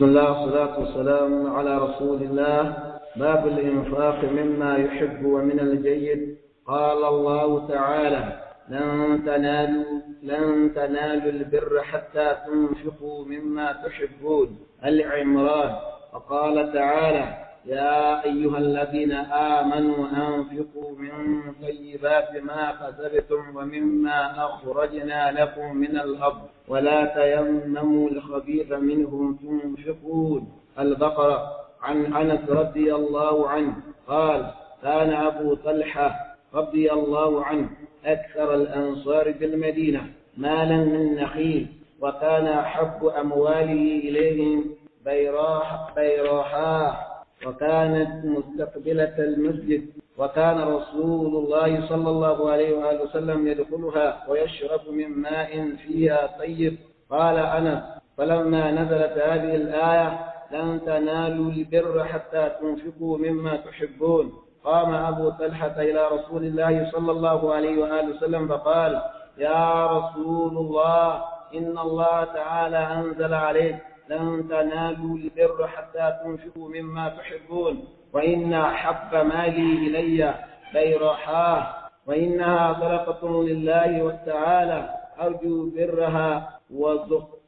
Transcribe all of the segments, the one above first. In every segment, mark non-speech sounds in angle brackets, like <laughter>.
بسم الله والصلاة والسلام على رسول الله باب الإنفاق مما يحب ومن الجيد قال الله تعالى لن تنالوا لن تنالوا البر حتى تنفقوا مما تحبون العمران وقال تعالى يا أيها الذين آمنوا أنفقوا من طيبات ما كسبتم ومما أخرجنا لكم من الأرض ولا تيمموا الخبيث منهم تنفقون البقرة عن أنس رضي الله عنه قال كان أبو طلحة رضي الله عنه أكثر الأنصار في المدينة مالا من نخيل وكان أحب أمواله إليهم بيراح بيراحاه وكانت مستقبلة المسجد وكان رسول الله صلى الله عليه وآله وسلم يدخلها ويشرب من ماء فيها طيب قال أنس فلما نزلت هذه الآية لن تنالوا البر حتى تنفقوا مما تحبون قام أبو طلحة إلى رسول الله صلى الله عليه وآله وسلم فقال يا رسول الله إن الله تعالى أنزل عليك لن تنالوا البر حتى تنفقوا مما تحبون وإن أحب مالي إلي بيرحاة وإنها صدقة لله وتعالى أرجو برها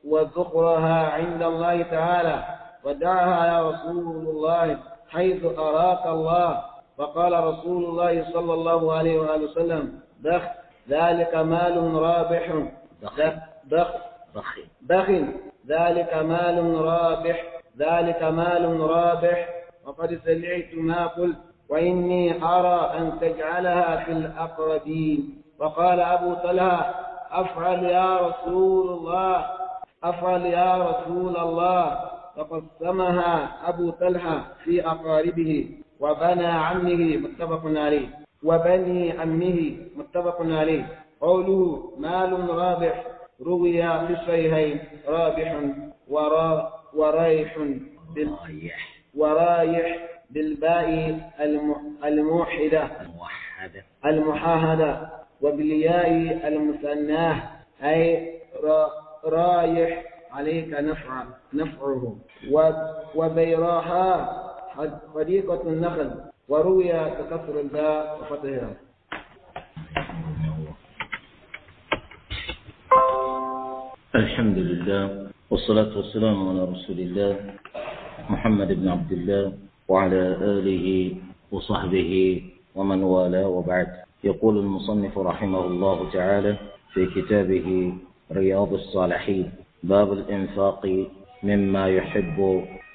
وذخرها عند الله تعالى ودعها يا رسول الله حيث أراك الله فقال رسول الله صلى الله عليه وآله وسلم بخ ذلك مال رابح بخ بخ بخ, بخ ذلك مال رابح ذلك مال رابح وقد سمعت ما قلت وإني أرى أن تجعلها في الأقربين وقال أبو طلحة أفعل يا رسول الله أفعل يا رسول الله فقسمها أبو طلحة في أقاربه وبنى عمه متفق عليه وبني عمه متفق عليه قوله مال رابح روي في الصحيحين رابح ورا وريح بال ورايح بالباء الموحدة المحاهدة وبالياء المثناه أي رايح عليك نفع نفعه وبيراها حديقة النخل وروي تكسر الباء وفتحها الحمد لله والصلاة والسلام على رسول الله محمد بن عبد الله وعلى آله وصحبه ومن والاه وبعد يقول المصنف رحمه الله تعالى في كتابه رياض الصالحين باب الإنفاق مما يحب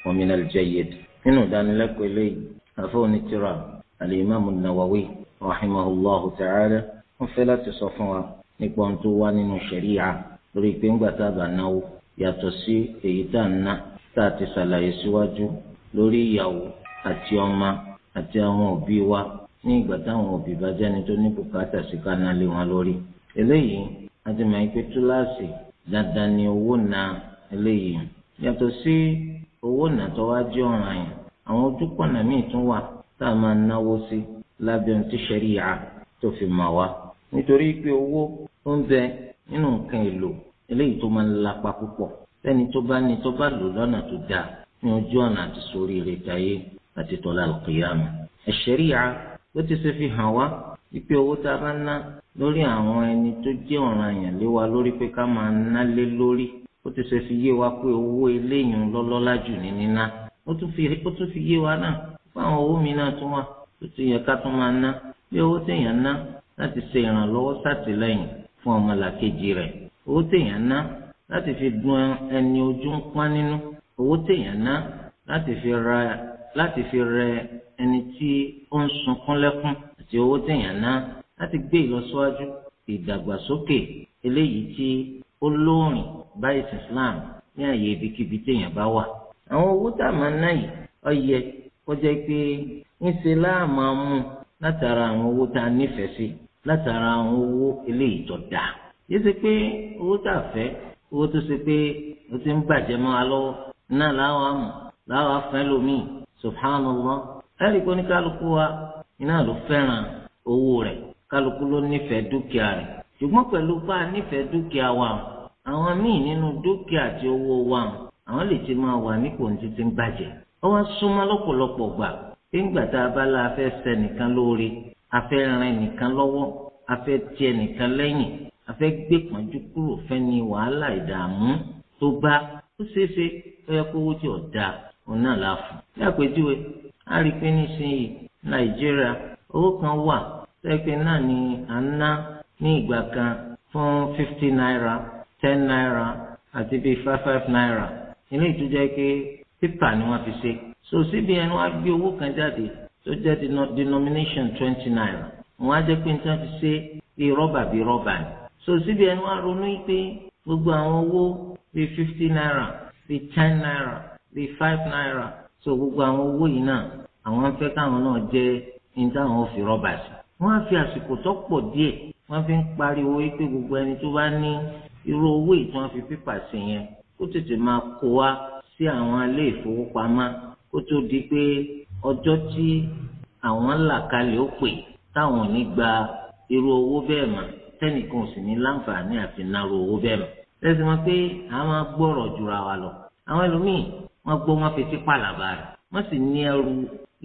ومن الجيد إنه دان لك إلي أفون التراب الإمام النووي رحمه الله تعالى وفلات صفوة نكون توان شريعة torí pé ńgbà tá a bá náwó yàtọ̀ sí èyí tá a ná tá a ti ṣàlàyé síwájú lórí ìyàwó àti ọmọ àti àwọn òbí wa ní ìgbà táwọn òbí bá jẹ́ni tó ní bùkátà sí ká ná lé wọn lórí eléyìí a ti mọ̀ pé túláàsì dandan ni owó ná eléyìí yàtọ̀ sí owó ná tó wá jẹ́ ọ̀ràn yẹn àwọn ojúpọ̀nà míì tún wà tá a máa náwó sí lábẹ́ ohun tí ṣẹ̀ríyà tó fi mọ̀ wá nítorí pé owó ń bẹ nínú nǹkan èlò eléyìí tó máa ń lapa púpọ̀ fẹ́ni tó bá ní tó bá lò lọ́nà tó dáa ní ojú ọ̀nà àti sórí rẹ̀ táyé àti tọ́lá àlùkìyàmù. ẹ̀ṣẹ̀ríyà ó ti ṣe fi hàn wá wípé owó tá a bá ná lórí àwọn ẹni tó jẹ́ ọ̀ranyàn lé wa lórí pé ká máa ná lé lórí ó ti ṣe fi yé wa pé owó eléyìí lọ́lọ́lá jù ní níná ó tún fi yé wa náà fún àwọn owó mi náà tún wà tó ti yẹ ká tún máa ná bí owó téèyàn ná láti ṣe ìrànlọ́wọ́ sátìlẹ́yìn fún ọmọlàkejì rẹ̀ owó téèyàn ná láti fi dun ẹni ojú ń pọ́n nínú owó téèyàn ná láti fi ra láti fi rẹ ẹni tí ó ń sunkún lẹ́kún àti owó téèyàn ná láti gbé ìlọsíwájú ìdàgbàsókè eléyìí tí ó lóòrìn báyìí Islam ní àyè ibikíbi téèyàn bá wà. àwọn owó tá a máa ná yìí ó yẹ kó jẹ́ pé ńṣe láàmú amú látara àwọn owó tá a nífẹ̀ẹ́ sí látara àwọn owó eléyìí tó dáa yìí ṣe pé owó tà fẹ́ owó tó ṣe pé ó ti ń bàjẹ́ mọ́ a lọ́wọ́ náà láwọn àmọ̀ láwọn afẹ́ lómìn subhanallah ẹ̀rí kó ní kálukú wa iná ló fẹ́ràn owó rẹ̀ kálukú ló nífẹ̀ẹ́ dúkìá rẹ̀ ṣùgbọ́n pẹ̀lú bá a nífẹ̀ẹ́ dúkìá wa àwọn míì nínú dúkìá àti owó wa àwọn lè ti máa wà nípò tí ti ń bàjẹ́ ọwọ́ súnmọ́ lọ́pọ̀lọpọ̀ gbà nígbà tá a bá la afẹ́ ṣe nìkan lóore afẹ́ rìn nìkan lọ́wọ́ afẹ́ tiẹ̀ nìkan lẹ́yìn a fẹ́ gbé pọ́njú kúrò fẹ́ni wàhálà ìdààmú tó bá ó ṣeéṣe ó yẹ kówó tí ò dáa òun náà la fún. bí àpèjúwe a rí pé nísìnyí nàìjíríà owó kan wà sẹ́pẹ́ náà ni à ń ná ní ìgbà kan fún fifty naira ten naira àti bíi five five naira ilé ìtújẹ́ pé pépà ni wọ́n fi ṣe. so cbn wá gbé owó kan jáde tó jẹ́ denomination twenty naira wọ́n á jẹ́ pé níta fi ṣe bíi rọ́bà bíi rọ́bà ni so cbn wá ronú pé gbogbo àwọn owó bíi fifty naira bíi ten naira bíi five naira so gbogbo àwọn owó yìí náà àwọn ń fẹ́ káwọn náà jẹ́ ní táwọn fi rọ́bà sí wọ́n á fi àsìkò tó pọ̀ díẹ̀ wọ́n fi ń pariwo pé gbogbo ẹni tó bá ní irú owó yìí tí wọ́n fi pípà sí yẹn kó tètè máa kó wá sí àwọn ilé ìfowópamọ́ kó tó di pé ọjọ́ tí àwọn là kalẹ̀ ó pè táwọn ò ní gba irú owó bẹ́ẹ̀ mọ́ tẹ́nìkan sì ní láǹfààní àfi nàró owó bẹ́ẹ̀ mọ́ lẹ́sìn wọn pé àwọn agbọ́rọ̀ jura wa lọ àwọn ẹlòmíì wọ́n gbọ́ wọn fetí pàlàbà rẹ̀ wọ́n sì ní ẹrù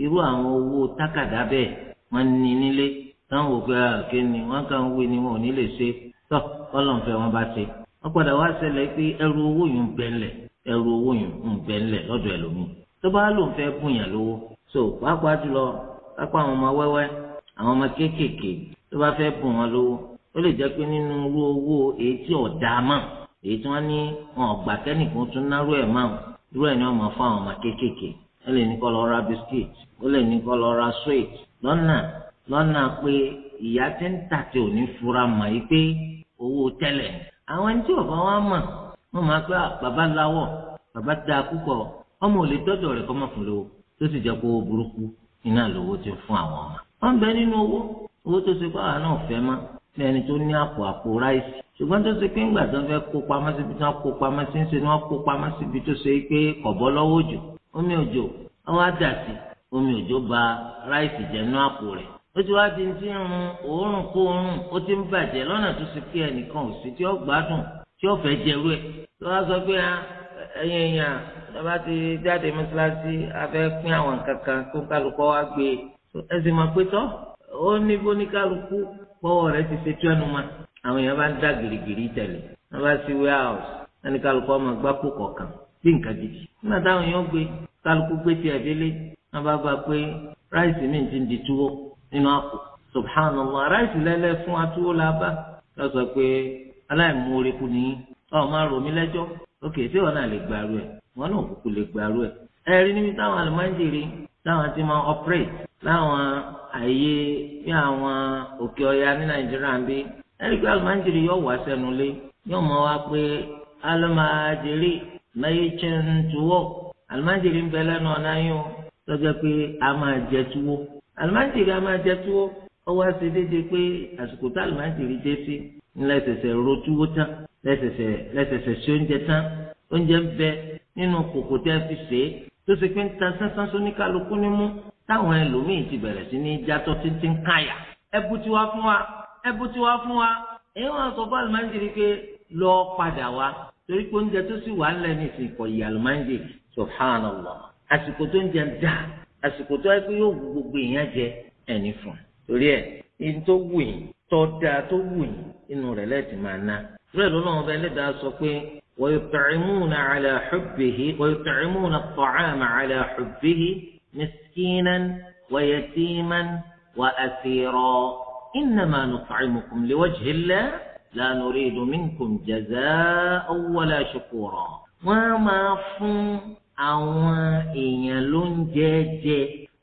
irú àwọn owó tákàdá bẹ́ẹ̀ wọ́n ní nílé táwọn òkè àké ni wọ́n kàn ń wí ni wọn ò ní lè ṣe tọ́ ọlọ́nfẹ́ wọn bá ṣe wọ́n padà wá ṣẹlẹ̀ pé ẹrù owó yìí ń bẹ́ńlẹ̀ owó yìí ń bẹ́ńlẹ̀ lọ́dọ̀ ẹlòmíì so pàápàá jùlọ pápá àwọn ọmọ wẹ́wẹ́ àwọn ọmọ kéékèèké tó bá fẹ́ bùn wọn lówó ó lè jẹ́ pé nínú irú owó èyí tí ọ̀dà máa èyí tí wọ́n ní wọn ọ̀gbà kẹ́nìkan tún náró ẹ̀ máa irú ẹ̀ ni wọ́n fún àwọn ọmọ kéékèèké ó lè ní kó lọ ra biscuit ó lè ní kó lọ ra sweet lọ́nà lọ́nà pé ìyá tí ń tà tí ò ní fura mọ̀ yìí pé owó tẹ́lẹ̀ àwọn ẹni tí ọ̀gá wa mọ̀ wọ́n máa pé bàbá láwọ̀ bàbá da púpọ̀ ọmọ ò lè dọ́dọ̀ rẹ̀ kọ́ mọ̀ fún lówó tó sì jẹ́ pé owó burúkú iná lówó ti fún àwọn ọmọ. wọ́n bẹ nínú owó owó tó ṣe pé àwọn náà fẹ́ máa ní ẹni tó ní àpò àpò ráìsì ṣùgbọ́n tó ṣe pé ńgbà tó ń fẹ́ kó pamọ́ síbi tó ń kó pamọ́ sí ń ṣe ni wọ́n kó pamọ́ síbi tó ṣe pé kọ̀bọ́ lọ́wọ́ òjò omi òjò àwọn àdàsí omi òjò ba ráìsì jẹ́nu àpò rẹ̀ ó ti wá di ti ń run òórùn kó òórùn ó ti ń bàjẹ́ lọ́nà tó ṣe pé ẹnìkan ò sí tí ó gbádùn tí ó fẹ́ jẹrú ẹ̀ tó wá sọ pé ẹ̀yin èèyàn lọ́ba ti jáde mọ́ṣáláṣí afẹ́ pín àwọn kankan kó kálukọ́ wá gbé e ẹ sì mọ̀ pé tọ́ ó ní bóníkálukú bọ́wọ́ rẹ ti ṣe tíọ́nu ma àwọn èèyàn bá ń dá gìrìgìrì tẹ̀lé wọ́n bá sí warehouse ẹni kálukú ọmọ gbáko kọ̀ọ̀kan bí nǹkan gidi nígbà táwọn èèyàn gbé kálukú gbé tiẹ̀ délé wọ́n bá gba pé ráìsì mi ti ń di túwó nínú àpò subhanallah fún atúwó la bá lọ sọ pé aláìmoore kù nìyí máa rò mí òkè tí wọn náà lè gbàrú wọn náà kúkú lè gbàrú níbi táwọn táwọn ti máa láwọn àyè bí àwọn òkè ọya ní nàìjíríà ń bí ẹnìkú àlùmáńjìrì yóò wá sẹ́nu lé yóò mọ̀ wá pé alùmáńjìrì mẹ́yì chẹ́ń tuwọ́ alùmáńjìrì ń bẹ lẹ́nu ọ̀nà yín o lọ́jọ́ pé a máa jẹ tuwó alùmáńjìrì a máa jẹ tuwó ó wá sí déédéé pé àsìkò tá alùmáńjìrì dé sí ńlẹ́sẹ̀sẹ̀ ro tuwó tán lẹ́sẹ̀sẹ̀ lẹ́sẹ̀sẹ̀ sí oúnjẹ tán oúnjẹ ń bẹ nínú kòkò fi sèé tó ṣe pé ń tan sánsán sóníkàlùkù ní mú táwọn ẹlòmíín ti bẹ̀rẹ̀ sí ní jatọ́ títí ń káyà ẹbú tí wá fún wa ẹbú tí wá fún wa èyí wọn sọ fún àlùmáńjìrì pé lọ padà wá torí pé oúnjẹ tó sì wà ń lẹ́nu ìsìnkọ̀ yìí àlùmáńjìrì subhanallah àsìkò tó ń jẹ dá àsìkò tó yẹ pé yóò wù gbogbo èèyàn jẹ ẹni fún torí ẹ ẹni tó wù yín tọ́ da tó wù yín inú rẹ̀ lẹ́ẹ̀tì máa ná ويطعمون على حبه ويطعمون الطعام على حبه مسكينا ويتيما وأسيرا إنما نطعمكم لوجه الله لا نريد منكم جزاء ولا شكورا وما فم أو إن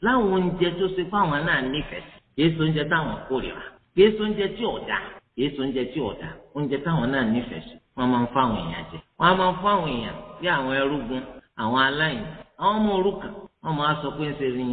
لا ونجتو سفا ونا نفس يسون جتا ونقولها يسون جتا يسون جتا ونجتا ونا نفس wọ́n máa ń fún àwọn èèyàn jẹ wọ́n á máa ń fún àwọn èèyàn bí àwọn ẹrúgun àwọn aláìní àwọn ọmọ òrukàn wọ́n máa sọ pé ń ṣe ni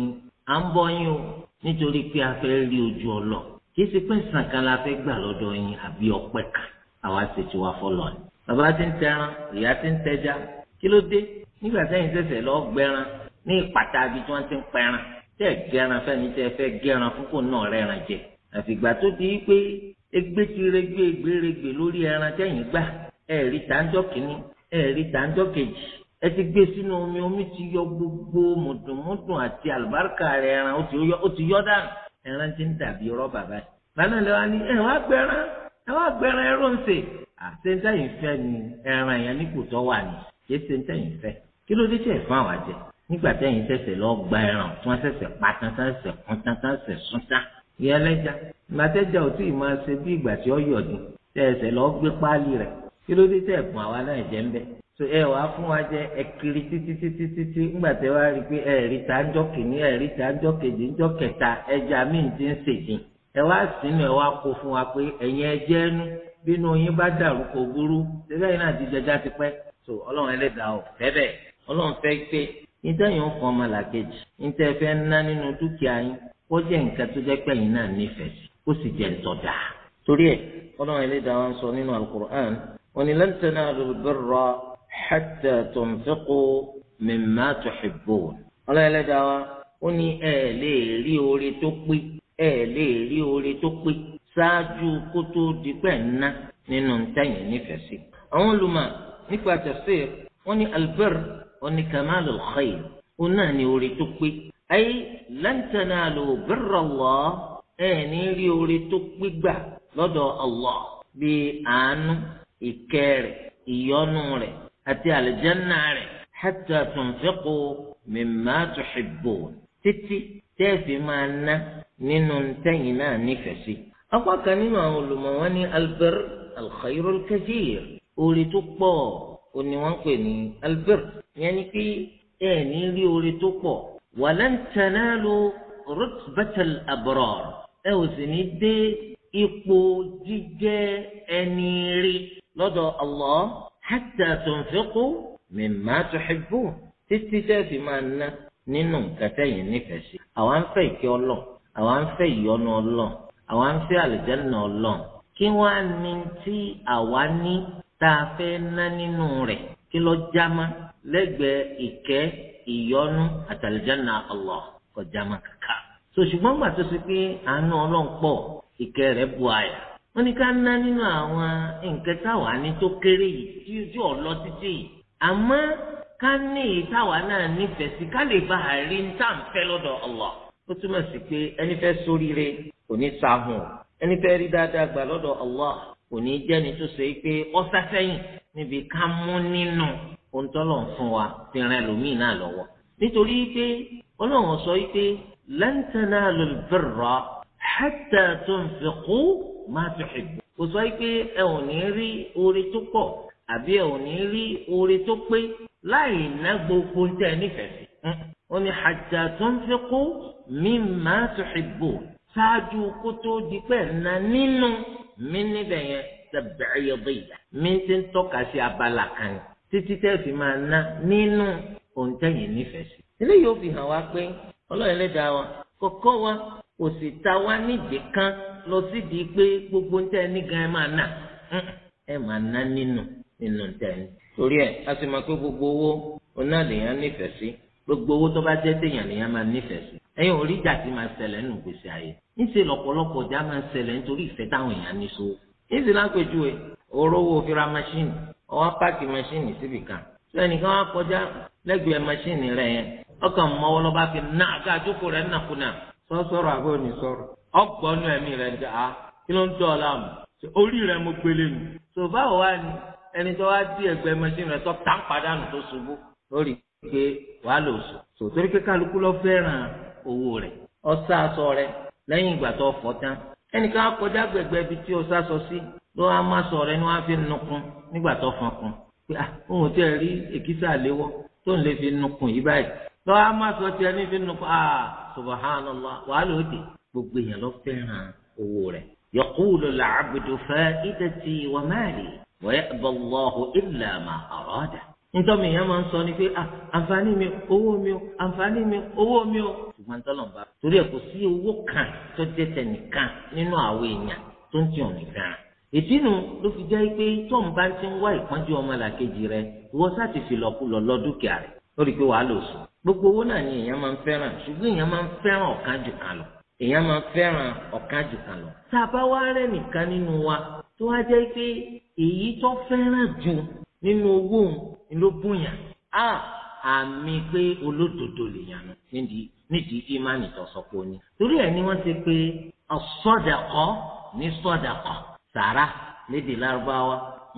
à ń bọ́ yín o nítorí pé a fẹ́ rí ojú ọlọ kì í ṣe pé sàn kan la fẹ́ gbà lọ́dọ̀ yín àbí ọpẹ́ kan àwa ṣe ti wá fọlọ́ ni. bàbá ti ń tẹran ìyá ti ń tẹja kí ló dé nígbà sẹ́yìn ṣẹ̀ṣẹ̀ lọ́ọ́ gbẹran ní ìpàtà ibi tí wọ́n ti ń pẹran tẹ́ gẹran fẹ́ni tẹ́ fẹ́ gẹran fúnkò náà rẹran jẹ àfìgbà tó di pé egbé ti regbé egbé regbé lórí ẹran tẹ́yìn gbà ẹ̀rí tàǹjọ́ kìíní ẹ̀rí tàǹjọ́ kejì ẹ ti gbé sínú omi omi ti yọ gbogbo mùdùnmùdùn àti àlùbáríkà rẹ̀ ẹran ó ti yọ dànù ẹran ti ń dàbí rọ́bà báyìí. lánàá lẹ́wọ́ ni ẹ wá gbẹran ẹ wá gbẹran ẹrọ ń sè. àtẹ̀ntẹ̀ yìí fẹ́ ni ẹran yẹn nípò tó wà ní kí tẹ̀ntẹ̀ yìí fẹ́ kí ló dé tẹ̀ fún àwọn àjẹ. nígbà tẹ̀yìn sẹ̀sẹ̀ lọ gba ẹran tí wọ́n sẹ̀sẹ̀ pa tán tán sẹ̀ kún tán tán sẹ̀ sún tán. ìyẹn kí ló dé tẹ̀ àwa náà so ẹ wàá fún wa jẹ ẹ kiri títí títí títí ńgbà tẹ wá rí i pé ẹ rí ta ńjọ́ kìíní ẹ rí ta kejì kẹta ẹja míì ti ń ẹ wá sínú ẹ wá wa pé ẹjẹ ẹnu bínú yín bá dàrú kò burú yìí náà ti jẹjá ti so Ọlọ́run Ẹlẹ́dàá ò fẹbẹ Ọlọ́run fẹ́ pé nítẹ̀yìn ó fọ ọmọlàkejì nítẹ̀ ná nínú dúkìá yín kó nǹkan tó náà sí kó sì da. torí ẹ wa sọ nínú òní lan tanalul birra hatta tunfiqu mimma tuhibbun. ọlọ́yẹlẹ́dàá wa ó ní ẹ lè rí oore tó pé ẹ lè rí oore tó pé ṣáájú kó tó di pẹ́ ńná nínú ntẹ̀yìn nífẹ̀ẹ́ sí. àwọn olùmọ̀ nípa tafsir wọ́n ní albir wọ́n ní kamalul khayr òun náà ní oore tó pé ayé lan tanalu birra Allah ẹ̀ ní rí oore tó pé gbà lọ́dọ̀ Allah bíi àánú ìkẹ́ rẹ̀ ìyọ́nú rẹ̀ àti àlùjánnà rẹ̀ hatta tunfiqu mimma tuhibbun títí tẹ́ẹ̀fì máa ná nínú tẹ́yìn náà nífẹ̀ẹ́ sí. apá kan nínú àwọn olùmọ̀ wọn ní albir alkhairul kathir orí tó pọ̀ ó ní wọ́n ń pè ní albir yẹn ni pé ẹ ní rí orí tó pọ̀ walan tanalu rutbatal abrar ẹ ò sì ní dé ipò jíjẹ́ ẹni rí lọ́dọ̀ Allah hatta tunfiqu mimma tuhibbun títí tẹ́ fi máa ná nínú nǹkan tẹ́yìn nífẹ̀ẹ́ sí. àwa ń fẹ́ ìkẹ́ ọlọ́ọ̀ àwa ń fẹ́ ìyọ́nú ọlọ́ọ̀ àwa ń fẹ́ àlùjànnà ọlọ́ọ̀ kí wọ́n á ní tí àwa ní tá a fẹ́ ná nínú rẹ̀ kí ló jámá lẹ́gbẹ̀ẹ́ ìkẹ́ ìyọ́nú àtàlùjànnà Allah kò jámá kàkà. sòṣùgbọ́n gbà tó ṣe pé àánú ọlọ́ọ̀ wọ́n ní ká ná nínú àwọn nǹkan táwa ní tó kéré yìí tí ojú ọ̀lọ́ títí yìí àmọ́ ká ní èyí táwa náà nífẹ̀ẹ́ sí ká lè bá àárín ní tá à ń fẹ́ lọ́dọ̀ Allah ó túmọ̀ sí pé ẹni fẹ́ sóríire kò ní sahùn ẹni fẹ́ rí dáadáa gbà lọ́dọ̀ Allah kò ní jẹ́ni tó ṣe pé ó sá níbi ká mú nínú ohun tọ́lọ̀ ń fún wa fi ran ẹlòmíì náà lọ́wọ́ nítorí pé Ọlọ́run sọ pé lan tanalul birra hatta tunfiqu máa fi ṣègbè. kò sọ pé ẹ ò ní rí oore tó pọ̀ àbí ẹ ò ní rí oore tó pé láì ná gbogbo ń tẹ́ nífẹ̀ẹ́ sí. Hmm? ó ní hatta tunfiqu mimma tuhibbu ṣáájú kó tó di pẹ́ na nínú mi níbẹ̀ yẹn tẹ̀bẹ̀rẹ̀yọ̀bẹ̀ ìyá mi ti ń tọ́ka sí abala kan títí tẹ́ fi máa ná nínú òǹtẹ̀yìn nífẹ̀ẹ́ sí. eléyìí ó fi hàn wá pé ọlọ́run lè dá wa kọ̀kọ́ wa kò sì ta wá nídìí kan lọ sídìí pé gbogbo ń tẹ ní gan ẹ máa nà ẹ máa ná nínú nínú tẹ ní. torí ẹ a sì máa pé gbogbo owó oná lèèyàn nífẹ̀ẹ́ sí gbogbo owó tó bá jẹ́ téèyàn lèèyàn máa nífẹ̀ẹ́ sí ẹ̀yin orí ìjà ti máa ṣẹlẹ̀ nù gbèsè ààyè níṣẹ́ lọ́pọ̀lọpọ̀ ìjà máa ń ṣẹlẹ̀ nítorí ìfẹ́ táwọn èèyàn ní sówó. níṣẹ́ lápèjúwe òróró òfin ra máṣíìnì ọwọ́ páàkì máṣíìnì síbì kan tó sọ́sọ́rọ̀ àbí òní sọ̀rọ̀ ọgbọ́nú ẹ̀mí rẹ̀ ń dà ah, kí ló ń tọ́ ọ láàmú orí rẹ̀ mo gbélé nù sòfà wà ní ẹni tó wá dí ẹgbẹ́ mẹ́sìn rẹ̀ tó tá ń padànù tó ṣubú lórí pé wàá lò sùn sòtórí pé kálukú lọ fẹ́ràn owó rẹ̀ ọ̀sá aṣọ rẹ̀ lẹ́yìn ìgbà tó fọ́ tán ẹnìkan á kọjá gbẹgbẹ ibi tí ọ̀sá sọ sí ló wá má sọ rẹ̀ ni wọ́n á fi nukun nígbà tó fọn pé ah òun tí ẹ rí èkìtà léwọ́ tó ń lè fi nukun yí báyìí lọ́wọ́ a máa sọ tiẹ̀ nífi nù kọ́ aa ah, subhanallah wàá lò ó dé gbogbo èèyàn lọ fẹ́ràn owó rẹ̀ yaqulu al-abdu fa'idati wa mali wa ya'ba Allahu illa ma arada nítorí èèyàn máa ń sọ ni pé ah, àǹfààní mi owó mi o àǹfààní mi owó mi o ṣùgbọ́n tọ́lọ̀ ń bá torí ẹ̀ kò sí owó kan tó jẹ́ tẹnìkan nínú àwọn èèyàn tó ń tì ọ̀ nìkan ìdínú ló fi jẹ́ pé tó bá ti ń wá ìpọ́njú ọmọlàkejì rẹ̀ ìwọ sáà ti fi lọ́kù lọ́dúnkìá rẹ̀ ó rí i pé wàá lò sùn gbogbo owó náà ni èèyàn máa ń fẹ́ràn ṣùgbọ́n èèyàn máa ń fẹ́ràn ọ̀kan jù kan lọ èèyàn máa ń fẹ́ràn ọ̀kan jù kan lọ tá a bá wá rẹ̀ nìkan nínú wa tó wá jẹ́ pé èyí tó fẹ́ràn jù nínú owó òun ló bùnyà á àmì pé olódodo lèèyàn nù nídìí nídìí ìmánì tó sọ pé ó ní torí ẹ̀ ni wọ́n ti pé ọ̀sọ́dàkọ́ ní sọ́dàkọ́ sàrà lédè lárúbáwá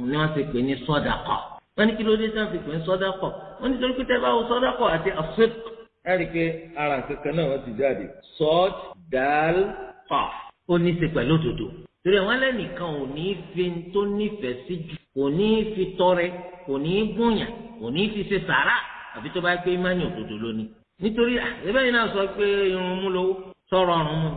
ni wọ́n ti pè ní sọ́dàkọ́ wọ́n ní kí ló dé tí wọ́n fi pè ń sọ́dákọ̀ wọ́n nítorí pé tẹ́ bá wo sọ́dákọ̀ àti àfẹ́k ẹ rí i pé ara kankan náà wọ́n ti jáde sọ́ọ̀t dàl pàf ó ní í ṣe pẹ̀lú òdodo torí àwọn ẹlẹ́nìkan ò ní í fi tó nífẹ̀ẹ́ sí jù kò ní í fi tọrẹ kò ní í gbóyàn kò ní fi ṣe sàárà àfi tó bá gbé imáyàn òdodo lónìí nítorí ẹgbẹ́ yìí náà sọ pé irun mú lówó sọ̀rọ̀ ọ̀run mú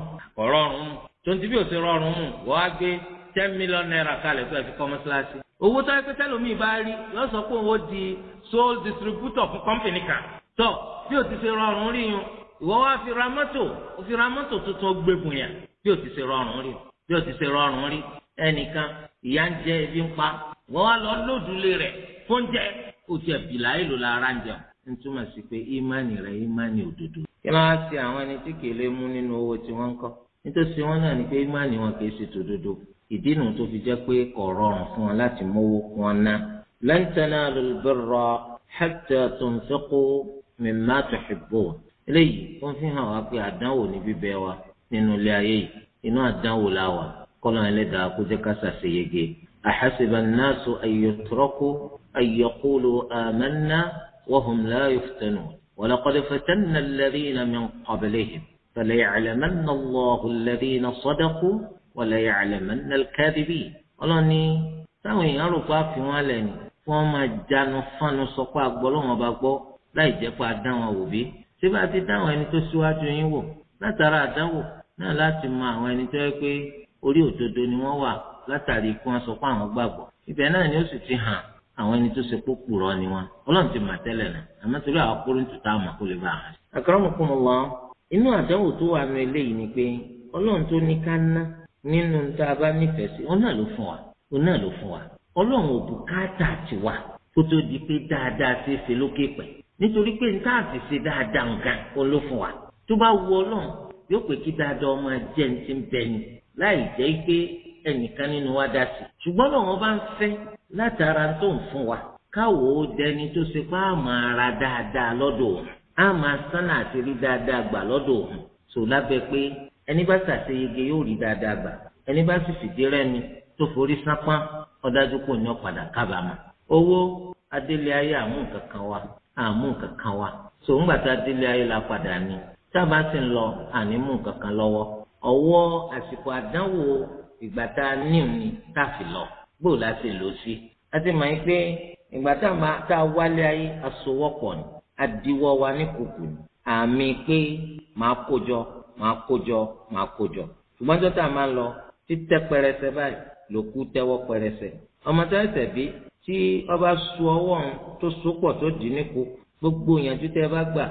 ọ̀rọ̀ ọ̀run mú tonti bí owó tó yẹ pé tẹlómìn bá rí yọ sọ pé òun di sole distributor fún kọ́mpìnì kan tó bí o ti ṣe rọrùn rí yun ìwọ wá fi ra mọ́tò o fi ra mọ́tò tuntun gbẹ̀bùn yẹn bí o ti ṣe rọrùn rí bí o ti ṣe rọrùn rí ẹnìkan ìyá ń jẹ ebi ń pa ìwọ wá lọ lódùlé rẹ fóúnjẹ o ti ẹ̀bìlà èlò la ara ń jẹun ń túmọ̀ sí pé ìmánì rẹ ìmánì òdodo. kí ló wá sí àwọn ẹni tí kèlè mú nínú owó tí wọ́n ń kọ́ nítòsí wọn náà ni pé ìmánì wọn kì í ṣe tòdodo ìdí nu tó fi jẹ́ pé kò rọrùn fún wọn láti mówó fún wọn ná. hẹ́tẹ̀ tó ń lan mi má tó fi bò tuhibbun. eléyìí ó ń fi hàn wá pé àdánwò ní bíbẹ wa nínú ilé ayé yìí inú àdánwò la wà kọ́lọ́ ẹlẹ́dàá kó jẹ́ ká ṣàṣeyege. ahasiba náà so an yutraku an yaqulu amanna wa hum la yuftanun. ولقد فتنا الذين من wala ya'lamanna al-kadhibin ọlọ́ni táwọn èèyàn rò pé a fi wọn lẹ̀ ni kí wọ́n máa jánu fánu sọ pé agbọ́ lọ́wọ́n bá gbọ́ láì jẹ́ pé a dá wọn wò bí ṣé bá ti dá àwọn ẹni tó síwájú yín wò látara àdánwò náà láti mọ àwọn ẹni tó yẹ pé orí òdodo ni wọ́n wà látàrí kí wọ́n sọ pé àwọn gbàgbọ́ ibẹ̀ náà ni ó sì ti hàn àwọn ẹni tó ṣe pópù rọ ni wọn ọlọ́run ti mà tẹ́lẹ̀ náà àmọ́ torí àwọn kúrò tó tá a mà kó lè bá a àkàrà ọmọkùnrin lọ inú àdánwò tó wà nù eléyìí ni pé ọlọ́run tó ní ká ná nínú tá a bá nífẹ̀ẹ́ sí òun náà ló fún wa òun náà ló fún wa ọlọ́run ò bùkátà tiwa kó tó di pé dáadáa ṣe é ṣe lókè pẹ̀ nítorí pé níta àti ṣe dáadáa nǹkan òun ló fún wa tó bá wu ọlọ́run yóò pé kí dáadáa ọmọ jẹ́ ní ti ń bẹ ni láì jẹ́ pé ẹnìkan nínú wa dá sí ṣùgbọ́n lọ́wọ́n bá ń fẹ́ látara tó ń fún wa káwo ó dẹni tó ṣe pé a máa ra dáadáa lọ́dọ̀ òun a máa sánà àti rí dáadáa gbà lọ́dọ̀ òun sò lábẹ́ pé ẹni bá ṣàṣeyege yóò rí dáadáa gbà ẹni bá sì fìdí rẹmi tó forí sápá ọdájú kò ní ọ̀padà kábàámà owó adélé ayé àmú nǹkan wa àmú nǹkan wa sòwúngbà tá adélé ayé la padà ní tábà sì ń lọ àní mú nǹkan kan lọ́wọ́ ọwọ́ àsìkò àdánwò ìgbà tá a ní òní tá a fi lọ gbòò la ṣe lò sí a ti mọ̀ pé ìgbà tá a wálé ayé aṣọwọ́pọ̀ ni adiwọ́ wa ní kùkù ni àmì pé màá kó jọ máa kójọ máa kójọ ṣùgbọ́n jọ́tà máa ń lọ títẹ pẹrẹsẹ báyìí lòkú tẹ́wọ́ pẹrẹsẹ ọmọ tó ẹsẹ̀ bí tí ọba su ọwọ́ ń tó sopọ̀ tó dì ní gbogbo ìyànjú tẹ́ bá gbà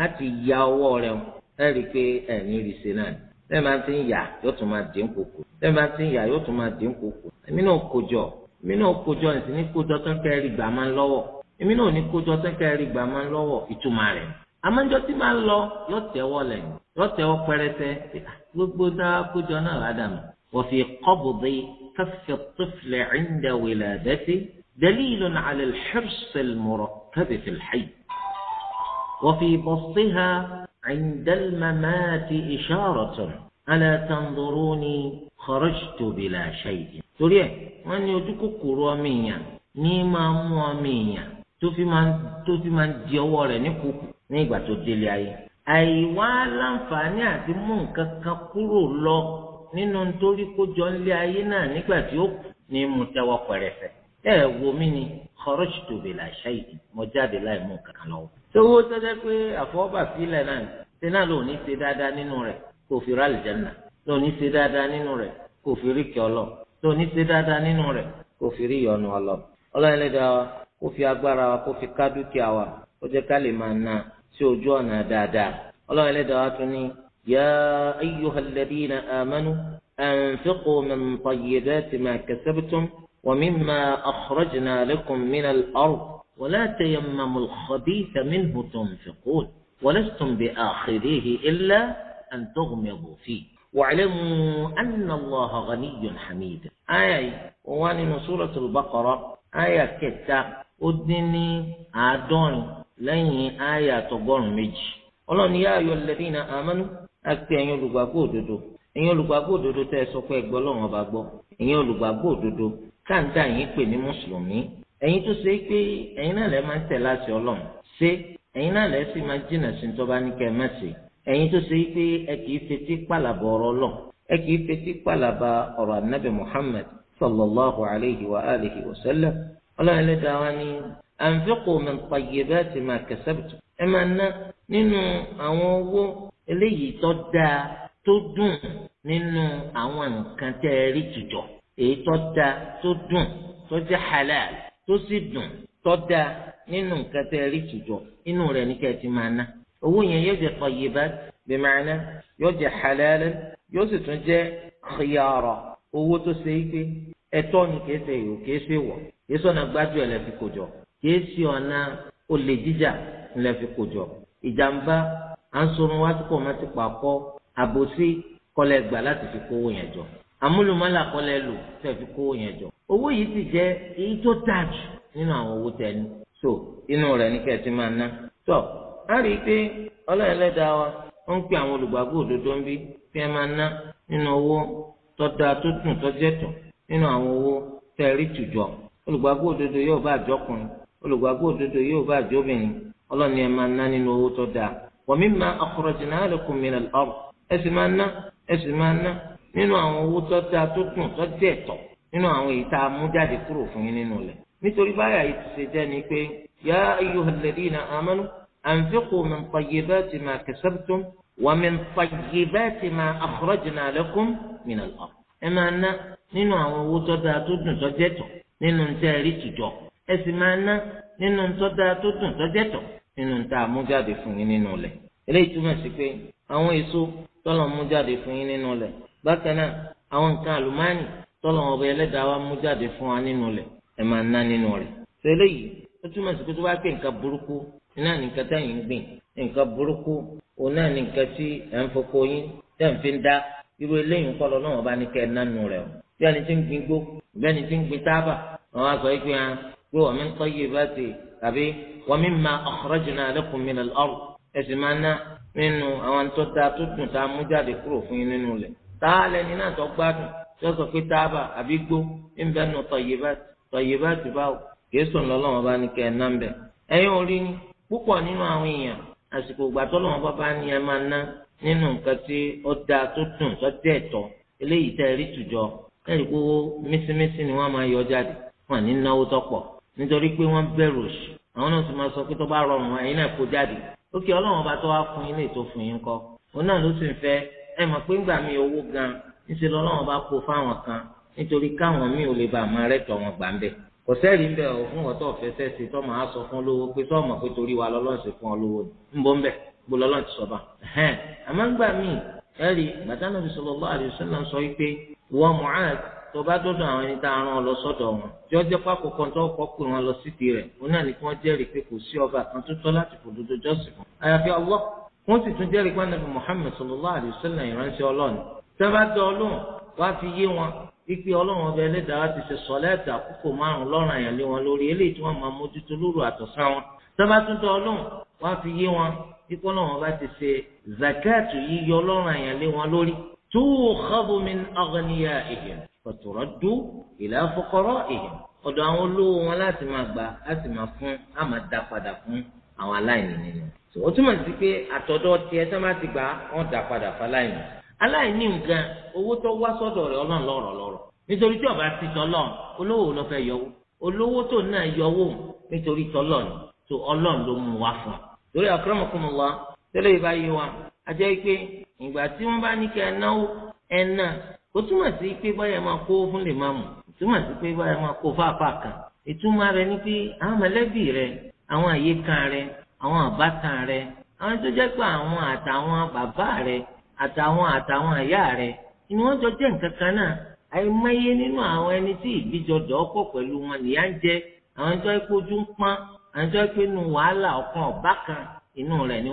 láti ya ọwọ́ rẹ̀ ẹ rí i pé ẹ̀ ní rí ṣe náà tẹ́ máa ti ń yà yóò tún máa dín kòkò tẹ́ máa ti ń yà yóò tún máa dín kòkò èmi náà kójọ èmi náà kójọ ẹ̀sìn ní kójọ tó ń kẹ́ rí gbà máa ń lọ́wọ́ èmi náà ní kójọ tó ń kẹ́ rí gbà máa ń lọ́wọ́ ìtumọ̀ rẹ̀ àmọ́jọ́ tí máa ń lọ yóò tẹ́wọ́ lẹ́yìn wọ́n tẹ wọ́n pẹrẹsẹ gbogbo dáa kójọ náà ládàmú وفي قبض كف الطفل عند ولادته دليل على الحرص المركب في الحي وفي بسطها عند الممات إشارة ألا تنظروني خرجت بلا شيء torí ẹ wọ́n ní ojú kòkòrò ọmọ èèyàn ní máa mú ọmọ èèyàn tó fi máa ń di ọwọ́ rẹ̀ ní kùkù ní ìgbà tó délé ayé àìwá láǹfààní àti mú nǹkan kan kúrò lọ nínú nítorí kójọ ńlé ayé náà nígbà tí ó kù ní mùtẹ́wọ́ pẹ̀rẹ̀fẹ̀ ẹ wo mí ni kọ́rọ́ṣì tòbí làṣà yìí mo jáde láì mú nǹkan kan lọ́wọ́. sowó tọ́jọ́ pé àfọwọ́bà sílẹ̀ náà ṣe náà lòun ní ṣe dáadáa nínú rẹ̀ kò fi ra àlùjánnà lòun ní ṣe dáadáa nínú rẹ̀ kò fi rí kí ọlọ́ lòun ní ṣe dáadáa nínú rẹ̀ kò fi rí ìyọnu ọlọ́ ọlọ́yin lè wa kó fi agbára wa kó fi ká wa ó jẹ́ ká lè máa ná a sí ojú ọ̀nà dáadáa ọlọ́run ẹlẹ́dàá tún ní يا أيها الذين آمنوا أنفقوا من طيبات ما كسبتم ومما أخرجنا لكم من الأرض ولا تيمموا الخبيث منه تنفقون ولستم بآخذيه إلا أن تغمضوا فيه واعلموا أن الله غني حميد آية وأن سورة البقرة آية كتا أدني أدوني lẹ́yìn aya àtọgọ́rùn méjì ọlọ́ni yá ayọ̀ lẹ́dínà àmánú àti ẹ̀yin olùgbàgbọ́ òdodo ẹ̀yin olùgbàgbọ́ òdodo tẹ́ ẹ sọ pé ẹgbọ́ lọ́wọ́n bá gbọ́ ẹ̀yin olùgbàgbọ́ òdodo káńtà yín pè ní mùsùlùmí ẹ̀yin tó ṣe pé ẹ̀yin náà lẹ́ máa ń tẹ̀ láti ọlọ́run ṣé ẹ̀yin náà lẹ́ sì máa jìnnà sí tọ́ba ní kẹ́ má ṣe ẹ̀yin tó pé ẹ kì fetí pàlàbọ̀ lọ ẹ kì fetí pàlàbà ọ̀rọ̀ Muhammad sallallahu alayhi wa alihi anfiqu min tayyibati ma kasabtu ẹ máa ná nínú àwọn owó eléyìí tó dáa tó dùn nínú àwọn nǹkan tẹ́ ẹ rí tùjọ èyí tó dáa tó dùn tó jẹ́ halal tó sì dùn tó dáa nínú nǹkan tẹ́ ẹ rí tùjọ inú rẹ̀ ní ti máa ná owó yẹn yóò jẹ́ tayyibat bí màánà yóò jẹ́ halal yóò sì tún jẹ́ khiyara owó tó ṣe é pé ni kìí ṣe ìhò kìí ṣe wọ̀ yéṣọ́ náà gbájú ẹ̀ lẹ́ fi kìí sí ọ̀nà olè jíjà ńlẹ̀ fi kò jọ ìjàmbá à ń sorun wá tí kò má ti pàkọ́ àbòsí kọlẹ̀ gbà láti fi kówó yẹn jọ àmúlùmọ́là kọlẹ̀ lò tẹ̀ fi kówó yẹn jọ owó yìí ti jẹ́ èyí tó dáa jù nínú àwọn owó tẹ̀ ní so inú rẹ̀ ní kẹ́ẹ̀ máa ná tọ́ a rí i pé ọlọ́ọ̀lẹ́dàá wa ó ń pè àwọn olùgbàgbọ́ òdodo ń bí fi ẹ máa ná nínú owó tó dáa tó dùn tó nínú àwọn owó tẹ̀ tùjọ olùgbàgbọ́ òdodo yóò bá àjọkùnrin olùgbàgbọ́ òdodo yóò bá àjọbìnrin ọlọ́ni ẹ̀ máa ná nínú owó tó dáa wa mimma akhrajna lakum min al-ard ẹ sì máa ná ẹ sì máa ná nínú àwọn owó tó dáa tó kùn tó dẹ̀ tọ̀ nínú àwọn èyí tá a mú jáde kúrò fún yín nínú rẹ̀ nítorí báyà yìí ti ṣe jẹ́ ni pé ya ayyuhal ladina amanu anfiqu min tayyibati ma kasabtum wa min tayyibati ma akhrajna lakum min al-ard ẹ máa ná nínú àwọn owó tó dáa tó dùn tó ẹ sì máa ná nínú tọ́da tó dùn tọ́jẹ́tọ̀ nínú tá a mú jáde fún yín nínú ilẹ̀ eléyìí túmọ̀ sí pé àwọn èso tọ́lọ̀ mú jáde fún yín nínú ilẹ̀ bákan náà àwọn nǹkan àlùmáànì tọ́lọ̀ ọba ẹlẹ́dàá wa mú jáde fún wa nínú ilẹ̀ ẹ máa ná nínú rẹ̀ ṣe eléyìí ó túmọ̀ sí pé tó bá pé nǹkan burúkú iná nìkan táyìn ń gbìn nǹkan burúkú òun náà ní kẹ́ tí ń pé wa min tayyibati tàbí wa mimma akhrajna lakum min al-ard ẹ̀sìn máa ná nínú àwọn tó ta tó dùn tá a mú jáde kúrò fún yín nínú rẹ̀ tá a lẹni náà tó gbádùn tó sọ pé táàbà àbí gbó ń bẹ́ẹ̀ nù tayyibati tayyibati báwo kìí sùn lọ́lọ́wọ́n bá ní kẹ́ ẹ̀ ná bẹ̀ ẹ̀yin orí ni púpọ̀ nínú àwọn èèyàn àsìkò ìgbà tọ́lọ́wọ́n bá bá ní ẹ máa ná nínú nǹkan tí ó dáa tó dùn tó dé ẹ̀tọ́ eléyìí tẹ́ ẹ rí tùjọ ẹ̀rí pé owó mísímísí ni wọ́n máa yọ jáde wọn ní náwó tọ́pọ̀ nítorí pé wọ́n bẹ̀rù òṣì àwọn náà sì máa sọ pé tó bá rọrùn wọn ẹ̀yin náà kó jáde ó kí ọlọ́run ọba tó wá fún yín lè tó fún yín kọ́ òun náà ló sì ń fẹ́ ẹ mọ̀ pé ńgbà mí owó gan níṣẹ́ lọ́lọ́run ọba kó fáwọn kan nítorí káwọn míì ò lè bá àmọ́ rẹ̀ tọ̀ wọn gbà ń bẹ̀ kò sẹ́ẹ̀rí ń bẹ̀ ọ̀ fún ọ̀tọ̀ fẹsẹ̀ sí tọ́ màá sọ fún lówó pé tọ́ pé torí wa lọ́lọ́run sì fún ọ lówó ni ń bọ́ ń bẹ̀ gbọ́ lọ́lọ́run ti sọ bá àmọ́ ńgbà míì ẹ̀rí gbàtánà bisọ̀lọ́lá àdìsọ́lá sọ wípé wọ́n mọ̀ áàdì tó bá dọ́dọ̀ àwọn ẹni tá a rán ọ lọ sọ́dọ̀ wọn jọ jẹ́ pákó kan tó kọ́ pé wọ́n lọ sídìí rẹ̀ òun náà ni kí wọ́n jẹ́rìí pé kò sí ọba kan tó tọ́ láti fòdodo jọ́sìn fún àyàfi Allah wọ́n sì tún jẹ́rìí pé Ànábì Muhammad sallallahu alayhi wa sallam ìránṣẹ́ ọlọ́ọ̀ni tẹ́ bá dọ́ ọlọ́run wá fi yé wọn ipe ọlọ́run ọba ẹlẹ́dàá ti ṣe sọ̀lẹ́ẹ̀tì àkókò márùn-ún lọ́rùn àyàn wọn lórí eléyìí tí wọ́n máa mójútó fọtùrọdù ìlà fọkọrọ ìhìn ọ̀dọ̀ àwọn olówó wọn láti máa gbà á sì máa fún á máa dá padà fún àwọn aláìní nínú ó túmọ̀ sí pé àtọ̀dọ̀ tiẹ̀ tó má ti gbà wọ́n dá padà fáláìní aláìní nǹkan owó tó wá sọ́dọ̀ rẹ̀ ọlọ́run lọ́rọ̀ lọ́rọ̀ nítorí tí ọba ti tọ́lọ̀ olówó ló fẹ́ yọwó olówó tó náà yọwó nítorí tọ́lọ̀ ni tó ọlọ́run ló mú wá fún un torí akramakumullah kò túmọ̀ sí pé báyà máa kó fún lè máa o túmọ̀ sí pé báyà máa kó fáfá kan ìtumọ̀ rẹ ni pé àwọn mọ̀lẹ́bí rẹ̀ àwọn àyíká aye àwọn àbátan rẹ̀ àwọn tó jẹ́ pé àwọn àtàwọn bàbá rẹ̀ àtàwọn àtàwọn àyá rẹ̀ ni wọ́n jọ jẹ́ nǹkan kan náà àìmọye nínú àwọn ẹni tí ìgbìjọdọ̀ ọ̀pọ̀ pẹ̀lú wọn nìyà ń jẹ àwọn ń pọ́n àwọn kan inú rẹ ni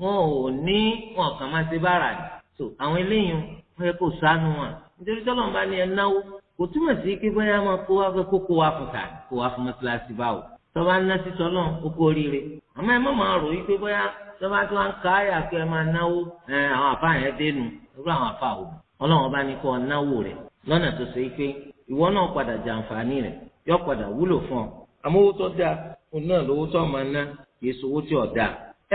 wọn ò ní wọn kàn máa ṣe bára so àwọn eléyìí wọ́n yẹ kó sánú wọn nítorí tọ́lọ̀ bá ní ẹ náwó kò túmọ̀ sí pé bóyá máa kó wá fẹ́ kó kó wá fún ká kó wá fún mọ́tíláṣí báwo tọ́ba ń ná sí sọ́lọ́ ó kó oríire àmọ́ ẹ má máa rò wípé bóyá tọ́ba tó wá ń ká àyà pé ẹ máa náwó àwọn àfa yẹn dénú irú àwọn àfa wò ọlọ́run bá ní kó ọ náwó rẹ̀ lọ́nà tó ṣe pé ìwọ náà padà jàǹfààní rẹ̀ yọ padà wúlò fún ọ àmọ́ owó tó dáa òun náà lówó tó máa ná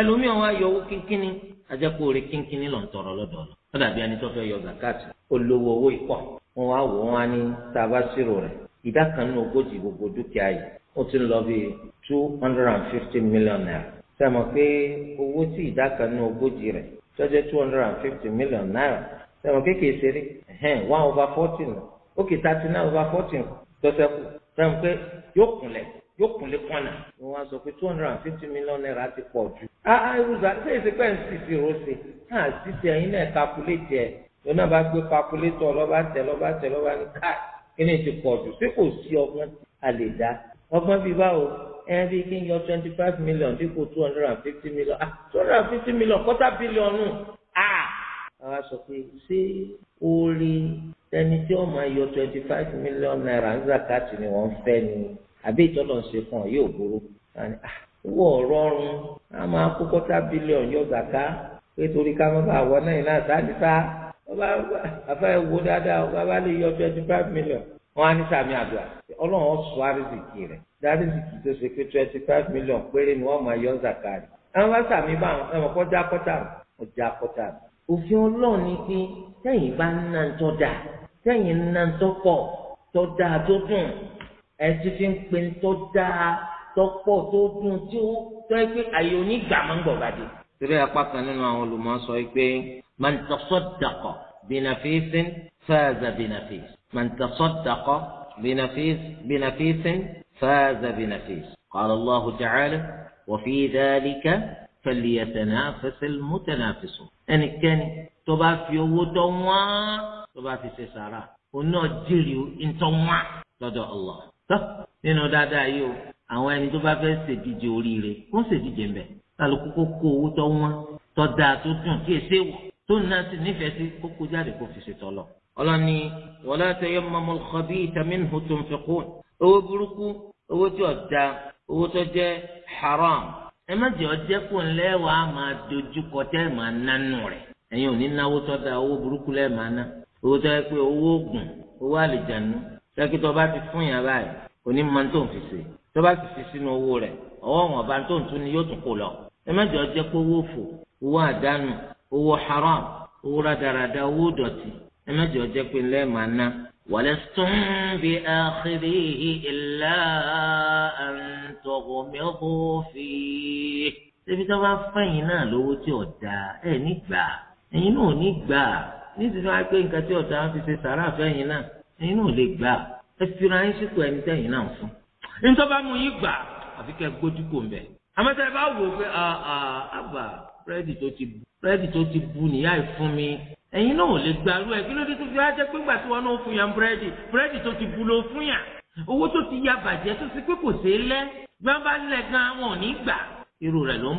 ẹlòmíì wọn ayọ owó kínkínní ajẹpọ orí kínkínní lọ ń tọrọ lọ́dọ̀ lọ ó dàbí ẹni tó fẹ́ yọ zakat olówó owó ìpọ wọn wá wò wọn ní sábà rẹ ìdá kan nínú ogójì gbogbo dúkìá yìí ó ti lọ bí two hundred and fifty million naira sẹ́mọ̀ pé owó tí ìdá kan nínú ogójì rẹ̀ tọ́jú two hundred and fifty million naira sẹ́mọ̀ kékeré ṣeré one over fourteen ó kì thirty nine over fourteen tọ́sẹ̀kù sẹ́mọ̀ pé yóò kúnlẹ̀ yóò kúnlé kọ́nà. wọ́n wá sọ pé two hundred and fifty million naira ti pọ̀ jù. a irúgbà ṣé èsì pẹ́ ń sisi rose náà sisi ẹ̀yin náà kakuléètì ẹ̀ lọ́nà bá gbé kakuléètọ̀ lọ́ba tẹ̀ lọ́ba tẹ̀ lọ́ba ní káì kí ni ti pọ̀ jù ṣé kò sí ọgbọ́n a lè dá ọgbọ́n bíi báwo ẹ bí kí n yọ twenty five million dípò two hundred and fifty million ah two hundred and fifty million quarter billion nù ah. àwa sọ pé ṣé orí ẹni tí ó máa yọ twenty five million naira ń zakati ni wọ́n fẹ́ ni àbí ìtọ́lọ̀ ṣe fún ọ yóò burú ah, owó ọ̀rọ̀ ọ̀run a máa kó kọ́tà bílíọ̀nù yọ gàká pé torí ká má bàa wọ náà náà sáàdì sá àfẹ́ wo dáadáa bàbá lè yọ twenty five million wọn á ní sàmì àdúrà ọlọ́run ọ̀sùn àrísìkì rẹ̀ dárísìkì tó ṣe pé twenty five million péré ni wọ́n máa yọ zàká rẹ̀ àwọn bá sàmì bá wọn ẹ̀wọ̀n kọ́ já kọ́tà rẹ̀ ọjà kọ́tà rẹ̀ òfin ọlọ́run ni pé sẹ́yìn bá ń ná ń tọ́ da sẹ́yìn ń ná tọ́ pọ̀ tọ́ da tó dùn ẹtí fi ń pe tó dáa tọ́pọ̀ tó dùn tí ó tọ́ pé àyè onígbà máa ń gbọ̀ bàdé. torí apá kan nínú àwọn olùmọ̀ sọ pé man tasaddaqa binafisin faaza binafis man tasaddaqa binafis binafisin faaza binafis. قال الله تعالى وفي ذلك فليتنافس المتنافسون ẹnikẹ́ni tó bá fi owó tó wọ́n tó bá fi ṣe sàrà tọ́ nínú dáadáa yìí o àwọn ẹni tó bá fẹ́ ṣèdíje oríire kó ṣèdíje ń bẹ̀ kálukú kó kó owó tó wọ́n tó dáa tó dùn kí èsè wò tó náà sì nífẹ̀ẹ́ sí kó kó jáde kó fi ṣètò lọ. ọlọ́ni wọlé àtẹyẹ mọ́mọ́ kọ́bí ìtàmínú tó ń fi kú owó burúkú owó tí ọ̀dà owó tó jẹ́ haram ẹ má jẹ́ ọjẹ́ kó ń lẹ́wà máa dojúkọ tẹ́ ẹ̀ máa nánú rẹ̀ ẹ̀yin ò ní náwó tó da owó burúkú lẹ́ẹ̀ máa ná owó tó lẹ́kì tó bá ti fún yàn báyìí kò ní mọ tó ń fi ṣe tó bá ti fi sínú owó rẹ̀ ọwọ́ wọn bá tó ń tún ni yóò tún kó lọ. ẹ má jọ jẹ́ pé owó òfò owó àdánù owó haram owó rádaràda owó dọ̀tí ẹ má jọ jẹ́ pé ńlẹ́ màá ná. ولستم بآخذيه إلا أن تغمضوا فيه ṣebí tó bá fẹ́yìn náà lówó tí ò dáa ẹ̀ nígbà ẹ̀yin náà ò ní gbà nítorí wọn á gbé nǹkan tí ò fi ṣe sàrà fẹ́yìn náà ẹ̀yin náà lè gbà ẹ fira yín sípò ẹni tẹ̀yin náà fún ní tó bá mú yín gbà àfi kẹ́ gbójú kò ń bẹ̀ àmọ́ tẹ́ ẹ bá wò ó pé ah, ah, àbà búrẹ́dì tó ti bu búrẹ́dì tó ti bu nìyá ìfún mi ẹ̀yin náà lè gbà rú ẹ kí ló dé tó fi wá jẹ́ pé gbà tí wọn náà fún yàn búrẹ́dì búrẹ́dì tó ti bu ló fún yàn owó tó ti ya bàjẹ́ tó ti pé kò sí lẹ́ gbọ́nba lẹ̀ gan wọn ò ní gbà irú rẹ̀ ló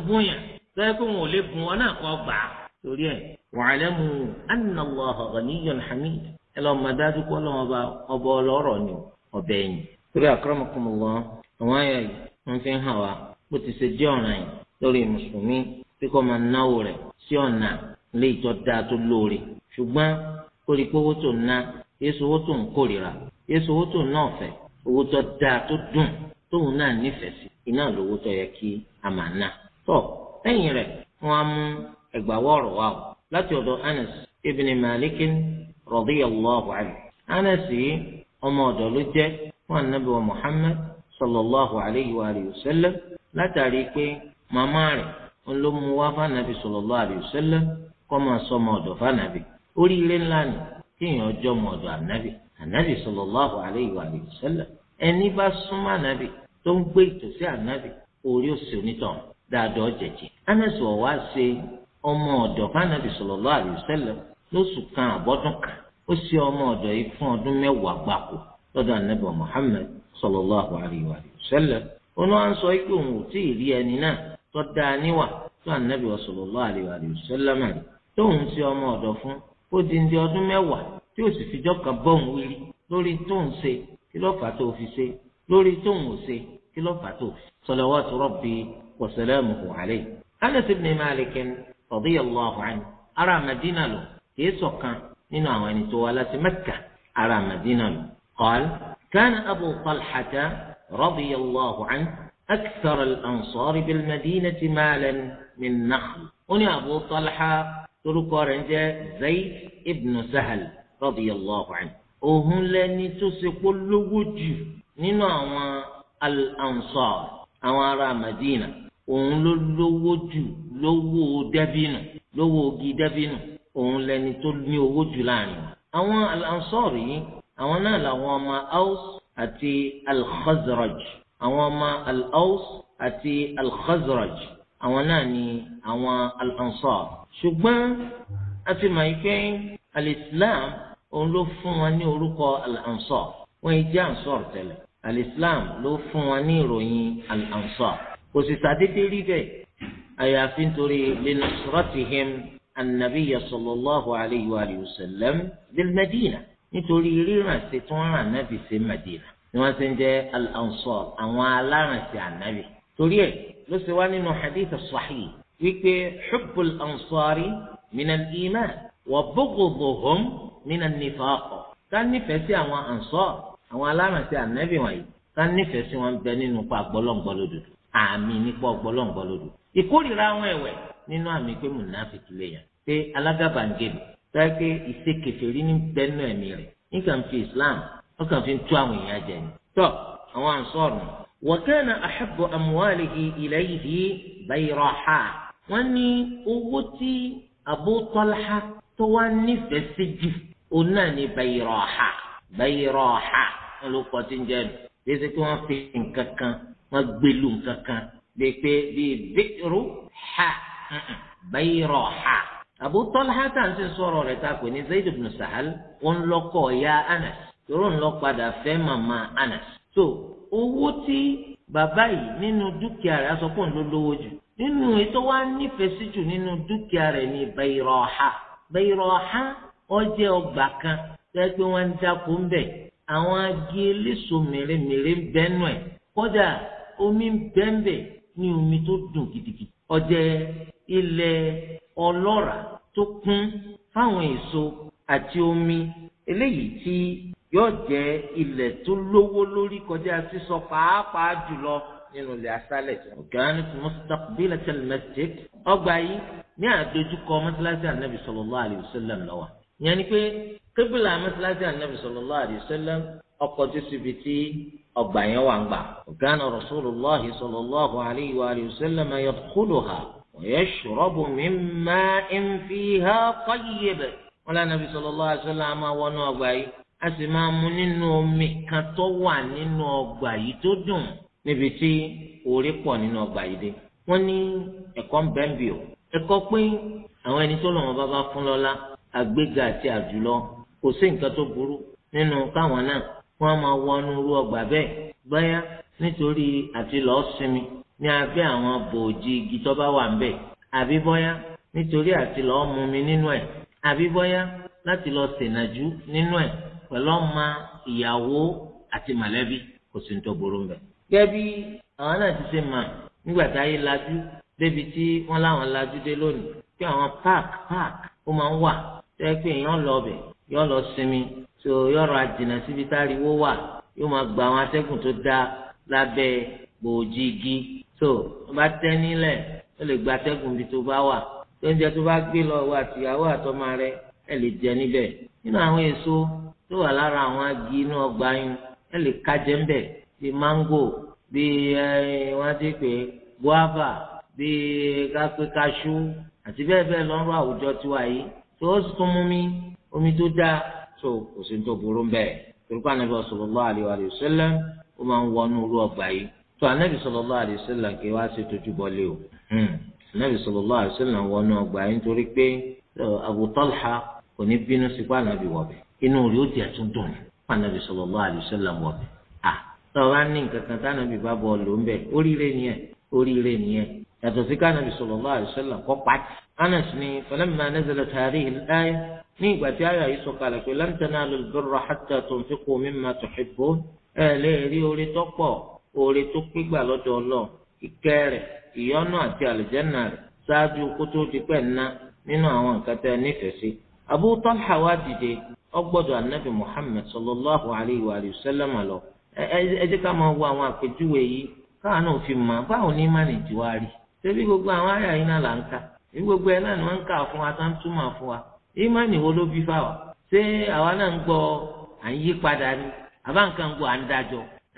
ń ẹ lọ́ọ́ máa dájú pé ọlọ́run ọba ọba ọlọ́rọ̀ ni ọbẹ̀ ẹ̀yìn. torí akramakumullah àwọn àyà yìí wọ́n fi hàn wá bó ti ṣe jẹ́ ọ̀ràn yìí lórí mùsùlùmí bí kò máa náwó rẹ̀ sí ọ̀nà ilé ìtọ́ tó lóore ṣùgbọ́n owó tó owó tó ń owó tó ná ọ̀fẹ́ owó tó da tó dùn tóun náà nífẹ̀ẹ́ sí iná lówó tó yẹ kí a máa ná. radiyallahu anhu. Anasi ọmọ ọ̀dọ̀ ló jẹ́ fún anabi wa Muhammad sallallahu alayhi wa sallam látàrí pé màmá rẹ̀ ló mú wá fànàbì sallallahu alayhi wa sallam kọ́ máa sọ ọmọ ọ̀dọ̀ fànàbì. oríire ńlá ni kéèyàn ọjọ́ ọmọ ọ̀dọ̀ ànábì ànábì sallallahu alayhi wa sallam ẹni bá súnmọ́ ànábì tó ń gbé ìtòsí ànábì orí òsì onítàn dáadọ́ jẹ̀jẹ̀. Anas wọ̀ wá ṣe ọmọ ọ̀dọ̀ fànàbì sallallahu alayhi wa sallam lóṣù kan àbọ́dún kan ó ṣe ọmọ ọ̀dọ̀ yìí fún ọdún mẹ́wàá gbáko lọ́dọ̀ ànábì Muhammad sallallahu alayhi wa sallam òun wá ń sọ pé òun ò tí ì rí ẹni náà tó dáa níwà tó ànábì sallallahu alayhi wa sallam rẹ̀ tóun ṣe ọmọ ọ̀dọ̀ fún ó di ndí ọdún mẹ́wàá tí ó sì fijọ́ kan bọ́ọ̀n wíri lórí tóun ṣe kí ló tó fi ṣe lórí tóun ò ṣe kí ló tó fi salawatu rabbi wa salamuhu alayhi Anas ibn Malik radiyallahu anhu ará Madina lòun kìí sọ̀kan nínú àwọn ẹni tó wá láti mẹ́kà ara mẹ́dínà lọ. قال كان أبو طلحة رضي الله عنه أكثر الأنصار بالمدينة مالا من نخل وني أبو طلحة تركوا رنجة زيد ابن سهل رضي الله عنه òhun lẹni tó ṣe kó lówó jù nínú àwọn al-ansar àwọn ará madina òhun ló lówó jù lówó dàbínù lówó ogi dàbínù òun lẹni tó ní owó jù láàrin àwọn alansọ́ọ̀rì yìí àwọn náà làwọn ọmọ aus àti alkhazraj àwọn ọmọ alaus àti alkhazraj àwọn náà ni àwọn alansọ́ọ̀r ṣùgbọ́n a ti mọ̀ pé alislam òun ló fún wọn ní orúkọ alansọ́ọ̀r wọ́n yìí jẹ́ ansọ́ọ̀r tẹ́lẹ̀ alislam ló fún wọn ní ìròyìn alansọ́ọ̀r kò sì sàdédé rí bẹ́ẹ̀ àyàfi nítorí linusratihim. النبي صلى الله عليه وآله وسلم بالمدينة nítorí ríránṣẹ́ tí wọ́n rán ànábì sí Madina ni wọ́n ti ń jẹ́ al-ansar àwọn aláránṣẹ́ ànábì torí ẹ̀ ló ṣe wá nínú hadith sahih wípé hubbul ansari minal iman wa bughdhuhum minal nifaq ká nífẹ̀ẹ́ sí àwọn ansar àwọn aláránṣẹ́ ànábì wọ̀nyí ká nífẹ̀ẹ́ sí wọn bẹ nínú pa gbọ́lọ́ngbọ́lódò àmì nípa gbọ́lọ́ngbọ́lódò ìkórìíra àwọn ẹ̀wẹ̀ nínú àmì pé mùnàfíkì lèèyàn pé alágàbàǹgẹ̀dẹ̀ tọ́yẹ pé ìṣekèfèrí ní bẹ́ẹ̀nù ẹ̀mí rẹ̀ nǹkan fi islam ó kàn fi ń tú àwọn èèyàn jẹ ni. tọ́ àwọn ànsọ́ọ̀rù wa kana ahabbu amwalihi ilayhi bayraha wọ́n ní owó tí Abu tó wá nífẹ̀ẹ́ sí jù òun náà ní bayraha bayraha wọn ló kọ́ tí ń jẹ́ nu bí ẹsẹ̀ wọ́n fi nǹkan kan wọ́n gbẹlú nǹkan kan bí pé bíi bíru ha. bayraha abu talha tá à ń sè ta pè ní zayd ibn sahal ya anas toro ń padà anas so owó ti baba yi nínú dúkìá rẹ̀ aṣọ pọ̀ ń lówó jù nínú ètò wa nífẹ̀ẹ́ ju nínú dúkìá rẹ̀ ní bayraha bayraha ó jẹ́ kan ń ń àwọn mèremère ń ilẹ̀ ọlọ́rà tó kún fáwọn èso àti omi eléyìí tí yóò jẹ́ ilẹ̀ tó lówó lórí kọjá sísọ pàápàá jùlọ nínú ilẹ̀ asálẹ̀ organic mustaqbilat al-masjid ọgbà yìí ní àdójúkọ mọ́tíláṣí ànábì sallallahu alayhi wa sallam lọ́wọ́ ìyẹn ni pé kébìlà mọ́tíláṣí ànábì sallallahu alayhi wa sallam ọkọ̀ tó síbi tí ọgbà yẹn wà ń gbà. kana rasulullahi sallallahu alayhi wa sallam ويشرب من ماء فيها طيب wọn lé anabi sallallahu alaihi wasallam a máa wọnú ọgbà yìí a sì ma mu nínú omi kan tó wà nínú ọgbà tó dùn níbi tí orí pọ̀ nínú ọgbà yìí dé wọ́n ní ẹ̀kọ́ àwọn ẹni tó lọ́wọ́ àti àjùlọ kò sí nǹkan tó burú nínú káwọn náà wọ́n máa wọnú irú ọgbà bẹ́ẹ̀ ní abẹ́ àwọn bòójì igi tó bá wà ńbẹ̀ àbí bọ́yá nítorí àti lọ́ọ́ mú mi nínú ẹ̀ àbí bọ́yá láti lọ sènàjú nínú ẹ̀ pẹ̀lú ọmọ ìyàwó àti mọ̀lẹ́bí kò sí ní tó burú ńbẹ̀. gẹ́bí àwọn náà ti ṣe mà nígbà tá a yé lajú débi tí wọ́n láwọn lajú dé lónìí pé àwọn park park ó máa ń wà tẹ́ pé èèyàn lọ ọbẹ̀ yóò lọ sinmi tó yọ̀rọ̀ àjìnà síbi tá wà yóò máa gba àwọn atẹ́gùn tó dáa lábẹ́ gbòòjì igi tó o bá tẹ́ nílẹ̀ o lè gba atẹ́gùn bí tó bá wà tó ń jẹ tó bá gbé lọ wà tìyàwó àtọmọ rẹ ẹ lè jẹ níbẹ̀ nínú àwọn èso tó wà lára àwọn agi inú ọgbà yín ẹ lè ká jẹ ń bẹ bíi máńgò bíi wọn ti pè guava bíi kápẹ́ kaṣú àti bẹ́ẹ̀ bẹ́ẹ̀ lọ́rọ̀ àwùjọ tiwa yìí tó o tún mú mi omi tó dáa tó kò sí ní tó burú bẹ́ẹ̀ torí pé Ànábì sallallahu alaihi wa sallam ó máa ń wọnú irú ọgbà yìí tó anabi sallallahu alaihi wasallam kí wá sí tójú bọlé o anabi hmm. sallallahu alaihi wasallam wọnú ọgbà yín torí pé Abu Talha kò ní bínú sí pé anabi wọbẹ inú rí ó tiẹ̀ tún dùn pé anabi sallallahu alaihi wasallam wọbẹ à tó o bá ní nǹkan kan tánàbì bá bọ lò ń bẹ oríire nìyẹn oríire nìyẹn yàtọ̀ sí kánàbì sallallahu alaihi wasallam kọ́ pàtì Anas ni falamma nazalat hadhihi al ní ìgbà tí àyà yìí sọ̀kalẹ̀ pé lan tanalul birra hatta tunfiqu mimma tuhibbun ẹ lè rí orí tọ́pọ̀ oore tó pín gbà lọ́dọ̀ ọlọ́ọ̀ ìkẹ́ rẹ̀ ìyọ́nú àti àlùjẹ́nà rẹ̀ ṣáájú kó tó di pẹ́ ńná nínú àwọn nǹkan nífẹ̀ẹ́ sí. Abu Talha dìde ọgbọ́dọ̀ anabi Muhammad sallallahu alayhi wa sallam lọ. ẹ jẹ́ ká máa wo àwọn àpèjúwe yìí káwọn náà fi mọ̀ báwo ní má rí. gbogbo àwọn àyà yìí náà là ń gbogbo ẹ̀ náà ni wọ́n ń kà fún wa túmọ̀ wa. wo ló bí ṣé àwa náà ń gbọ́ à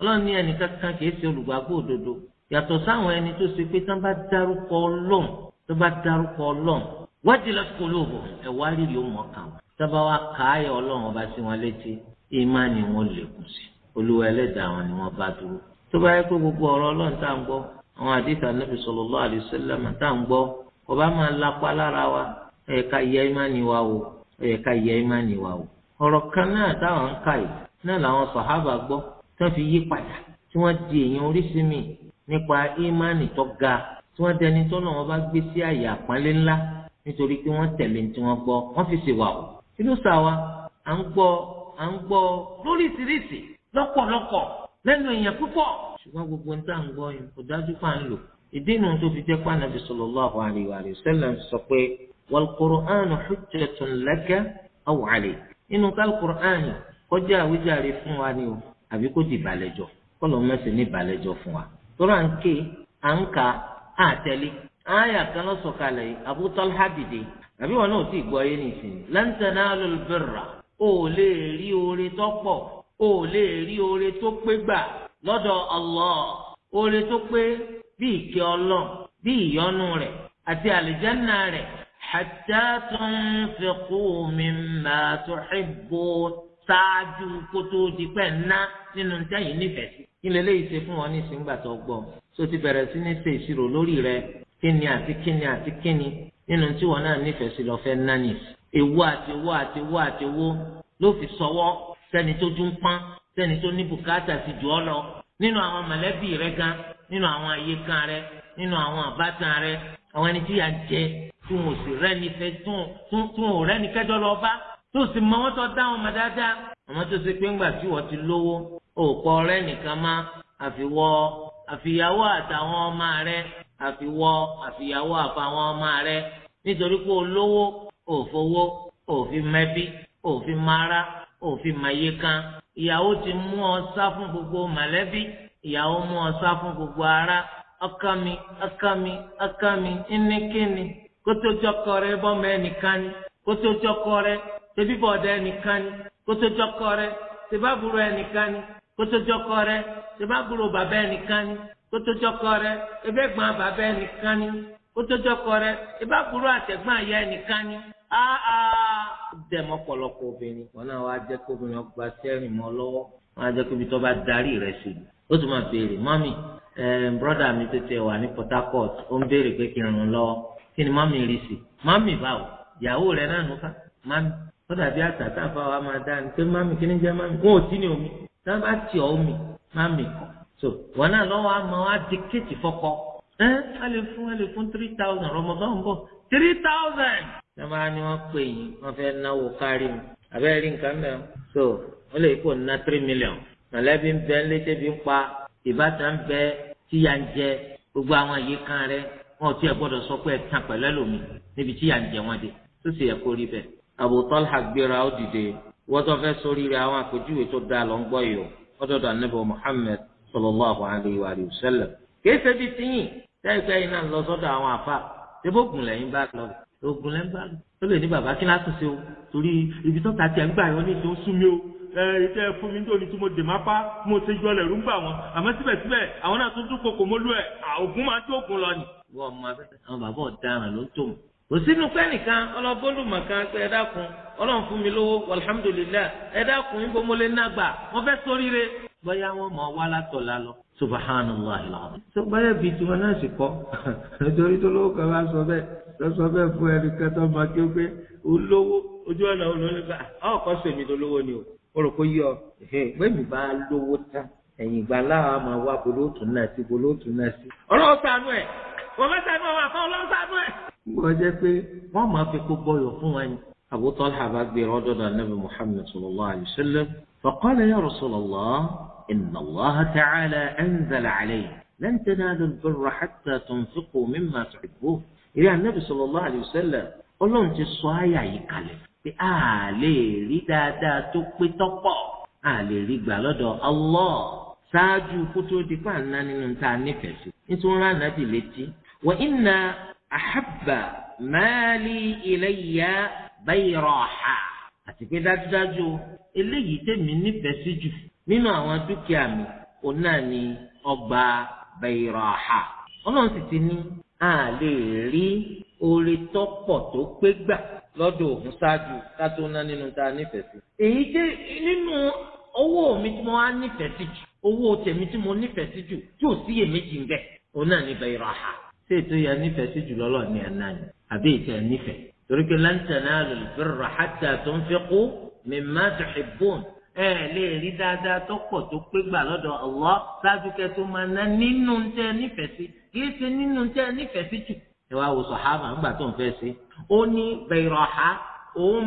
ọlọ́run ní ẹnìkan kan kìí ṣe olùgbàgbọ́ òdodo yàtọ̀ sáwọn ẹni tó ṣe pé tán bá dárúkọ ọlọ́run tó bá dárúkọ ọlọ́run wajilat qulubuhum ẹ̀wá rírì ó mọ̀ kàn wọ́n tábà wá káyọ̀ ọlọ́run ọba sí wọn létí ìmánì wọn lékún sí olúwa ẹlẹ́dàá wọn ni wọ́n bá dúró tó bá yẹ pé gbogbo ọ̀rọ̀ ọlọ́run tá à ń gbọ́ àwọn àdìsá nàbì sallallahu alaihi wasallam tá à ń gbọ́ ọba máa lápá lára wa ẹ̀ka yẹ ìmánì wa o ẹ̀ka yẹ ìmánì wa o ọ̀rọ̀ kan náà táwọn ń kà yìí náà làwọn sàhábà gbọ́ tó fi yí padà tí wọ́n di èèyàn oríṣi mi nípa ìmánì tó ga tí wọ́n dẹni tó náà wọ́n bá gbé sí àyè àpọ́nlé ńlá nítorí pé wọ́n tẹ̀lé tí wọ́n gbọ́ wọ́n fi ṣèwà o kí ló sà wa à ń gbọ́ à ń gbọ́ lóríṣiríṣi lọ́pọ̀lọpọ̀ lẹ́nu èèyàn púpọ̀ ṣùgbọ́n gbogbo ń tà ń gbọ́ yìí kò dájú pa ń lò ìdí nu tó fi jẹ́ pé anabi sallallahu alayhi wa sallam sọ pé wal qur'anu hujjatun laka aw alayk nínú kálukùránì kọjá àwíjàre fún wa ni o àbí kó di ìbàlẹ̀jọ kọ́lọ̀ mẹ́sẹ̀ ní ìbàlẹ̀jọ fún wa tọ́lá ń ké à ń ka à tẹ́lẹ̀ àyà kan lọ sọ̀kalẹ̀ yìí Abu Talha dìde àbí wọn náà ti gbọ́ ayé nìsín lan tanalul birra ó lè rí oore tó pọ̀ ó lè rí oore tó pé gbà lọ́dọ̀ Allah oore tó pé bí ìkẹ́ Ọlọ́run bí ìyọ́nú rẹ̀ àti àlìjánná rẹ̀ hatta tunfiqu mimma tuhibbu ṣáájú kó tó di pẹ́ ńná nínú tẹ́yìn nífẹ̀ẹ́ sí. kí lè léyìí ṣe fún wọn ní ìsìngbà tó gbọ́ so ti bẹ̀rẹ̀ sí ní ṣe ìṣirò lórí rẹ kíni àti kíni àti kíni nínú tí wọn náà nífẹ̀ẹ́ sí lọ́fẹ́ nání. èwo àti owó àti owó àti owó ló fi sọwọ́ sẹ́ni tó dún pọ́n sẹ́ni tó ní bùkátà sí jù ọ́ lọ nínú àwọn mọ̀lẹ́bí rẹ gan nínú àwọn àyíká rẹ nínú àwọn àbátan rẹ àwọn ẹni tí yà jẹ tún ò sì rẹ́ni fẹ́ tún ò rẹ́ni kẹ́jọ́ lọ bá tó sì mọ wọn tó dá wọn mọ dáadáa àmọ́ tó ṣe pé ńgbà tí wọ́n ti lówó òòpọ̀ ọ̀rẹ́ nìkan má àfiwọ́ àfìyàwó àtàwọn ọmọ rẹ àfiwọ́ àfìyàwó àfàwọn ọmọ rẹ nítorí pé olówó òfowó òfin mẹ́bí òfin mara òfin màyíkan ìyàwó ti mú ọ sá fún gbogbo mọ̀lẹ́bí ìyàwó mú ọ sá fún gbogbo ara ọkọ mi ọkọ mi ọkọ mi ńníkíni kótójọkọ rẹ bọ́mọ ẹnìkan ni kótójọkọ rẹ ṣebí bọ̀dọ̀ ẹnìkan ni kó tó jọkọ rẹ ṣebá burú ẹnìkan ni kó tó jọkọ rẹ ṣebá burú bàbá ẹnìkan ni kó tó jọkọ rẹ ẹbẹ́ gbọ́n bàbá ẹnìkan ni kó tó jọkọ rẹ ẹbá burú àtẹ̀gbọ́n àyà ẹnìkan ni áá dẹ̀mọ ọ̀pọ̀lọpọ̀ obìnrin wọn náà wàá jẹ́ kóbìnrin ọgbà sẹ́rìn mọ́ lọ́wọ́ wọn á jẹ́ kóbi tó bá darí rẹ̀ sí i ó tún máa béèrè mọ́mì eh, brọ́dà mi tó tẹ wà ní Port Harcourt ó ń béèrè pé kí n ràn lọ́wọ́ kí ni mọ́mì rí sí mọ́mì báwo ìyàwó rẹ̀ náà nù ká mọ́mì ó dàbí àtàtà fáwọn máa dá ni pé mami kí ni mami wọn ò tí ní omi náà bá tì ọ omi mami kọ so wọn náà lọ́wọ́ a máa wá dikéètì fọkọ ẹ a lè fún a lè fún three thousand rọmọdún bọ three thousand. sábà ni wọn pè yín wọn fẹ́ náwó kárí mi àbẹ́rẹ́ rí nǹkan mẹ́rin so ó lè kó ná three million mọ̀lẹ́bí ń bẹ létí bí ń pa ìbátan ń bẹ tíya ń jẹ gbogbo àwọn àyíká rẹ wọn ò tí ẹ gbọ́dọ̀ sọ pé ẹ tàn pẹ̀lú ẹlòmíì níbi tíya ń jẹ wọn dé tó sì yẹ kó rí Abu Talha gbéra ó dìde wọ́n tó fẹ́ sórí rẹ̀ àwọn àpèjúwe tó dáa lọ ń gbọ́ yìí o ọdọọdọ anabi Muhammad sallallahu alayhi wa sallam kìí ṣe bí tiyín tẹ́ẹ̀kẹ́ yìí náà lọ sọ́dọ̀ àwọn àfa ṣébó gùn lẹ́yìn bá lọ ogun lẹ́yìn bá lọ ó lè ní bàbá kí láti ṣe o torí ibi tó ta tiẹ̀ ń gbà yọ ní ìṣó sún mi o ẹ ìtẹ́ fún mi nítorí kò sínú pẹ́nìkan ọlọ́bọ́lùmọ̀kan pé ẹ dákun ọlọ́run fún mi lówó alhamdulilayi ẹ dákun ń bomole náà gbà wọ́n fẹ́ sóríire bóyá wọn mọ̀ wá látọ̀ lálọ subhanallah ilaahu. tó báyà bíi tiwọn náà sì kọ́ <laughs> nítorí tó lówó kan bá sọ bẹ́ẹ̀ lọ sọ bẹ́ẹ̀ fún ẹnìkan tó máa kí ó pé olówó ojú ọ̀nà olólùgbà ọkọ̀ sèmi lólówó ni o o rò kó yọ bẹ́ẹ̀ni bá lówó tán ẹ̀yìn ìgbà láwa máa wá bolóòtú náà sí bolóòtú náà sí. ọlọ́run ṣàánú wọ́n jẹ́ pé wọ́n máa fi kó bọ́yọ̀ fún wa ni. Abu Talha bá gbé ọdọ́ dà nàbì Muhammad sallallahu alayhi wa sallam. Faqala ya Rasulallah, inna Allah ta'ala anzala alayhi. Lan tanalu al-birra hatta tunfiqu mimma tuhibbun. Ìrẹ́ ànábì sallallahu alayhi wa sallam, ọlọ́run ti sọ àyà yìí kalẹ̀. Pé a lè rí dáadáa tó pé tọ́pọ̀. A lè rí gbà lọ́dọ̀ Allah. Ṣáájú kótó dípà ńlá nínú ta nífẹ̀ẹ́ sí. Nítorí ànábì létí. Wa inna أحب مالي إلي بيراحة. àti pé dájúdájú eléyìí tèmi nífẹ̀ẹ́ sí jù nínú àwọn dúkìá mi òun náà ni ọgbà bẹ̀rọ̀hà ọlọ́run sì ti ní a lè rí oore tó pọ̀ tó pé gbà lọ́dọ̀ òun ṣáájú ká tó ná nínú tá a nífẹ̀ẹ́ sí. èyí jẹ́ nínú owó mi tí mo á nífẹ̀ẹ́ sí jù owó tèmi tí mo nífẹ̀ẹ́ sí jù tí ò síyèméjì ń bẹ òun náà ni bẹ̀rọ̀hà ṣé ètò yẹn nífẹ̀ẹ́ sí jùlọ lọ ní àná ni àbí ètò yẹn nífẹ̀ẹ́ torí pé lan tanalu al-birra hatta tunfiqu mimma tuhibbun ẹ lè rí dáadáa tó pọ̀ tó pé gbà lọ́dọ̀ Allah ṣáájú kẹ́ tó máa ná nínú tẹ́ nífẹ̀ẹ́ sí kì í ṣe nínú tẹ́ nífẹ̀ẹ́ sí jù ẹ wá wo sọ̀hábà ńgbà tó ń fẹ́ sí ó ní bayraha òun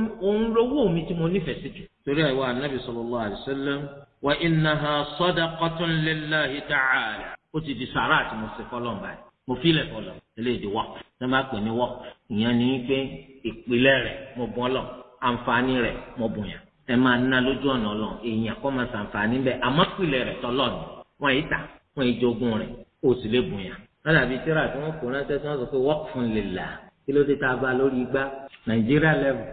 lówó mi tí mo nífẹ̀ẹ́ sí jù. torí àìwá anábì sallallahu alaihi wasallam wa innaha sadaqatun lillahi ta'ala ó ti di sàrà àti mo ṣe fọlọ́ọ̀ mo filẹ̀ fọlọ eléyìí wọ ní bá pè ní wọ ìyẹn ní pé ìpìlẹ̀ rẹ̀ mo bọ lọ àǹfààní rẹ̀ mo bùnyàn ẹ máa ná lójú ọ̀nà lọ èèyàn kọ́ máa ṣàǹfààní bẹ́ẹ̀ àmọ́ pìlẹ̀ rẹ̀ tọ́lọ̀ ni wọ́n yìí tà wọ́n yìí jogún rẹ̀ o sì lè bùnyàn. wọ́n dàbí tíra tí wọ́n kó ránṣẹ́ tí wọ́n sọ pé waqfun lillah kí ló dé tá a bá lórí igbá nàìjíríà lẹ́wù